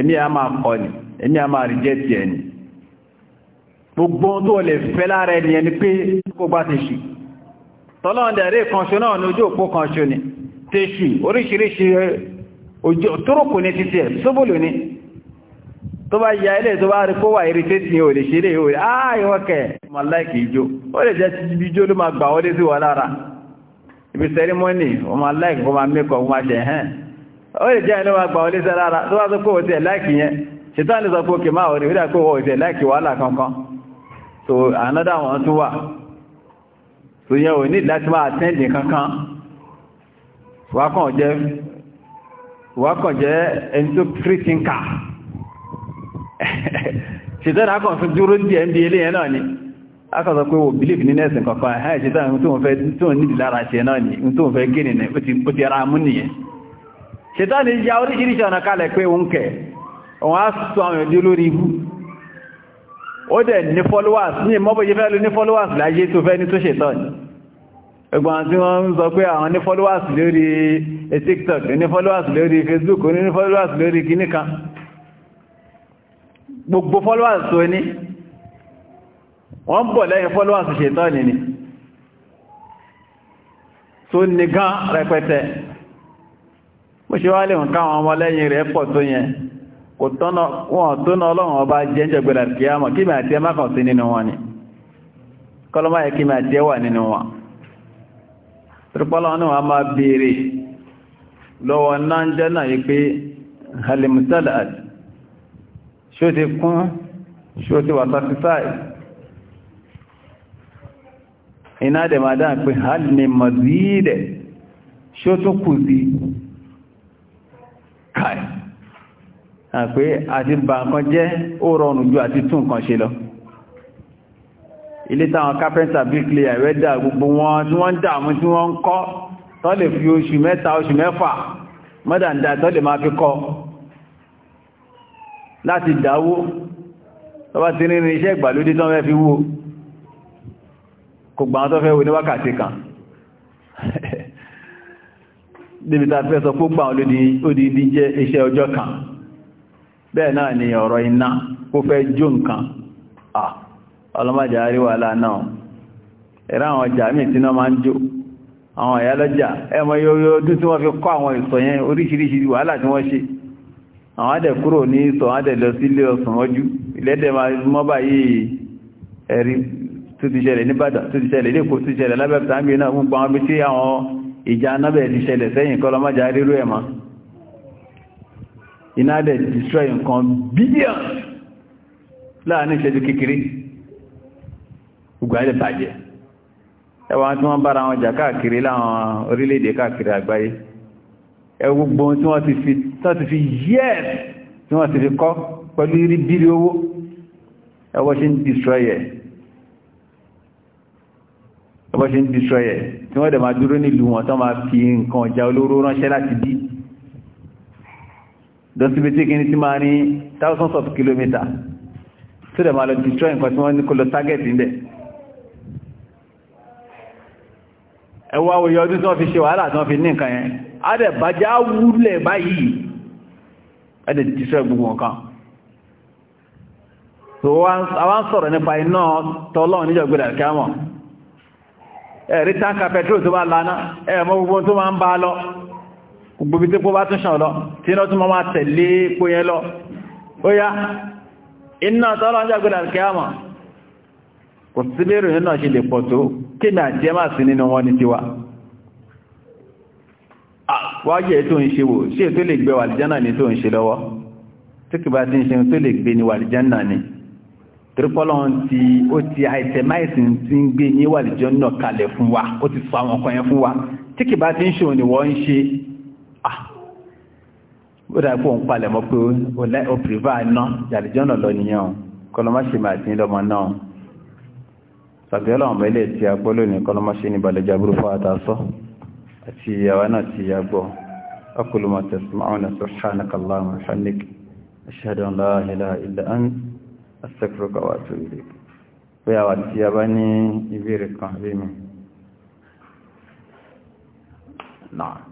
ẹ̀mí a máa kọ́ ni ẹ̀mí a máa rìjẹ́ ti ẹni gbogbo tó lè fẹ́ lára ẹni ẹni pé kó bá ti ṣì tọ́lọ́ndẹ̀rẹ́ kanṣo náà ní ojú òpó kanṣo ni ti ṣì oríṣiríṣi eh, ojú tórókù ní títí ẹ̀ sóbòlò ní tó bá ya ilé tó bá rí kó wà irí tẹ́tì ò lè ṣeré ò áyíwọ́kẹ̀ ah, ma láìkì ìjó ó lè jẹ́ ti bí jó ló ma gbà wọlé sí wà lára ibi sẹ́rímọ́nì o ma láìkì kó ma mẹ́kọ̀ o ma ṣẹ̀ hẹ́n ó lè jẹ́ ló ma gbà wọlé sí lára tó bá tó kó o tẹ̀ láìkì yẹn ṣètọ́ so another one tún wà so yẹn ò ní láti máa kankan wákàn jẹ́ wákàn jẹ́ ẹni tó kírítínká (laughs) ṣètẹ́nà akọ̀ fún dúró díẹ̀ ń bí ilé yẹn náà ni akọ̀sọ̀ pé o bílíf ní kankan ẹ̀ ṣètẹ́nà tó ń fẹ́ tó ń níbi ṣe náà ni tó ń fẹ́ gẹ́nì ní ara mú nìyẹn ya oríṣiríṣi ọ̀nà kalẹ̀ pé òun kẹ̀ á sọ ó dẹ̀ ní followers ní mọ́bọ̀ yí fẹ́ ló ní followers láyé tó fẹ́ ní tó ṣètọ́ ni ẹgbọ́n tí wọ́n ń sọ pé àwọn ní followers lórí tiktok ní followers lórí facebook ní followers lórí kíní kan gbogbo followers tó ní wọ́n bọ̀ lẹ́yìn followers ṣètọ́ ni ni tó ní gan rẹpẹtẹ mo ṣe wá lè ń káwọn ọmọ lẹ́yìn rẹ̀ pọ̀ tó yẹn kò tọ́nà wọn tọ́nà ọlọ́run ọba jẹ́jẹ́ gbẹ̀rẹ̀ kí á mọ̀ kí mẹ́ àti ẹ mákàn sí nínú wọn ni kọlọ́mọ́ yẹ kí mẹ́ àti ẹ wà nínú wọn trípọ́lọ́ náà máa bèèrè lọ́wọ́ náà jẹ́ náà yí pé halimusalad ṣó ti kún ṣó ti wà àpé àti bà nǹkan jẹ́ ó rọrùn ju àti tún nǹkan ṣe lọ ilé táwọn kápẹ́ntà bíkìlì àwẹ́dà gbogbo wọn tí wọ́n ń dààmú tí wọ́n ń kọ́ tọ́ lè fi oṣù mẹ́ta oṣù mẹ́fà mọ́dàndà tọ́ lè máa fi kọ́ láti dáwó tọ́bá ti rí irinṣẹ́ ìgbàlódé tán fẹ́ fi wó kò gbàmọ́ tó fẹ́ wó ní wákàtí kan débìtà (laughs) fẹ́ sọ pé gbàmọ́ lódìí jẹ́ iṣẹ́ ọjọ́ kan bẹ́ẹ̀ náà ni ọ̀rọ̀ iná kó fẹ́ jó nǹkan ọlọ́mọjà àríwá náà ẹ̀rọ àwọn ọjà míì tí náà máa ń jó àwọn ẹ̀yà lọ́jà ẹmọ yóò ọdún tí wọ́n fi kọ́ àwọn ìsọ̀ yẹn oríṣiríṣi wàhálà tí wọ́n ṣe àwọn adẹ̀ kúrò ní ìsọ̀ adẹ̀ lọ sí ilé ọ̀sán ọjú ilẹ̀dẹ̀ mọ́bà yìí ẹ̀rí tó iná dẹ̀ destroy nǹkan billion láàrin ìṣẹ́jú kékeré ugbàlẹ̀ bàjẹ́ ẹwà tí wọ́n bára wọn jà káàkiri láwọn orílẹ̀-èdè káàkiri àgbáyé ẹwà gbogbo tí wọ́n ti fi years tí wọ́n ti fi kọ́ pẹ̀lú irí bírí owó ẹwọ́ ṣe ń destroy ẹ̀ tí wọ́n dẹ̀ máa dúró nílùú wọn tán máa fi nǹkan ọjà olóró ránṣẹ́ láti bíi don ti bete kini ti máa ní thousands of kilometers tó dẹ̀ máa lọ destroy nǹkan tí wọ́n ní kó lọ target ń bẹ̀ ẹwà òye ọdún tí wọ́n fi ṣe wàhálà tí wọ́n fi ní nǹkan yẹn a dẹ̀ bàjẹ́ wúlẹ̀ báyìí a dẹ̀ destroy gbogbo nǹkan so àwa ń sọ̀rọ̀ nípa iná tọ́lọ́ níjọ̀gbẹ̀dà kíámọ̀ ẹ̀rí táǹkà petrol tó bá lana ẹ̀mọ́ gbogbo tó máa ń bá lọ gbogbo tí kó bá tún ṣàn lọ tí iná tún máa tẹ̀lé epo yẹn lọ ó yá iná tọ́lọ́ ń jàgbé àrùkẹ́ àmà kò sí lérò nínú ṣe lè pọ̀ tó kéèmì àti ẹmà sí nínú wọn ní tiwa wáyé tó ń ṣe wò ṣe tó lè gbé wàlìjánà ní tó ń ṣe lọ́wọ́ tí kì bá ti ń ṣe tó lè gbé ní wàlìjánà ní trípọ́lọ́ ti ó ti àìtẹ̀máìsìn ti ń gbé ní wàlìjánà kalẹ̀ fún wa ó ti sọ àwọn ọkọ̀ yẹn fún wa tí kì bá ti ń ṣe òní wọ́n ń ṣe Ah. ó dà kó ń palẹ̀ mọ́ pé ó pìrìbà náà jàdìjọ́nà lọ nìyàn kọlọmáṣe máa tí lọmọ náà tàbí ọlọ́run mẹ́lẹ̀ tí a gbọ́ lónìí kọlọmáṣe ní balẹ̀ jàbúrú fún àtàsọ́ àti ìyàwó náà ti yà gbọ́ ọkùnrin mọ̀ tẹ̀sùmáwọn subhanakallahumma wa bihamdika ashhadu an la ilaha illa anta astaghfiruka wa atubu ilayk pé àwọn àti yàbá ní ìbéèrè kan rí mi náà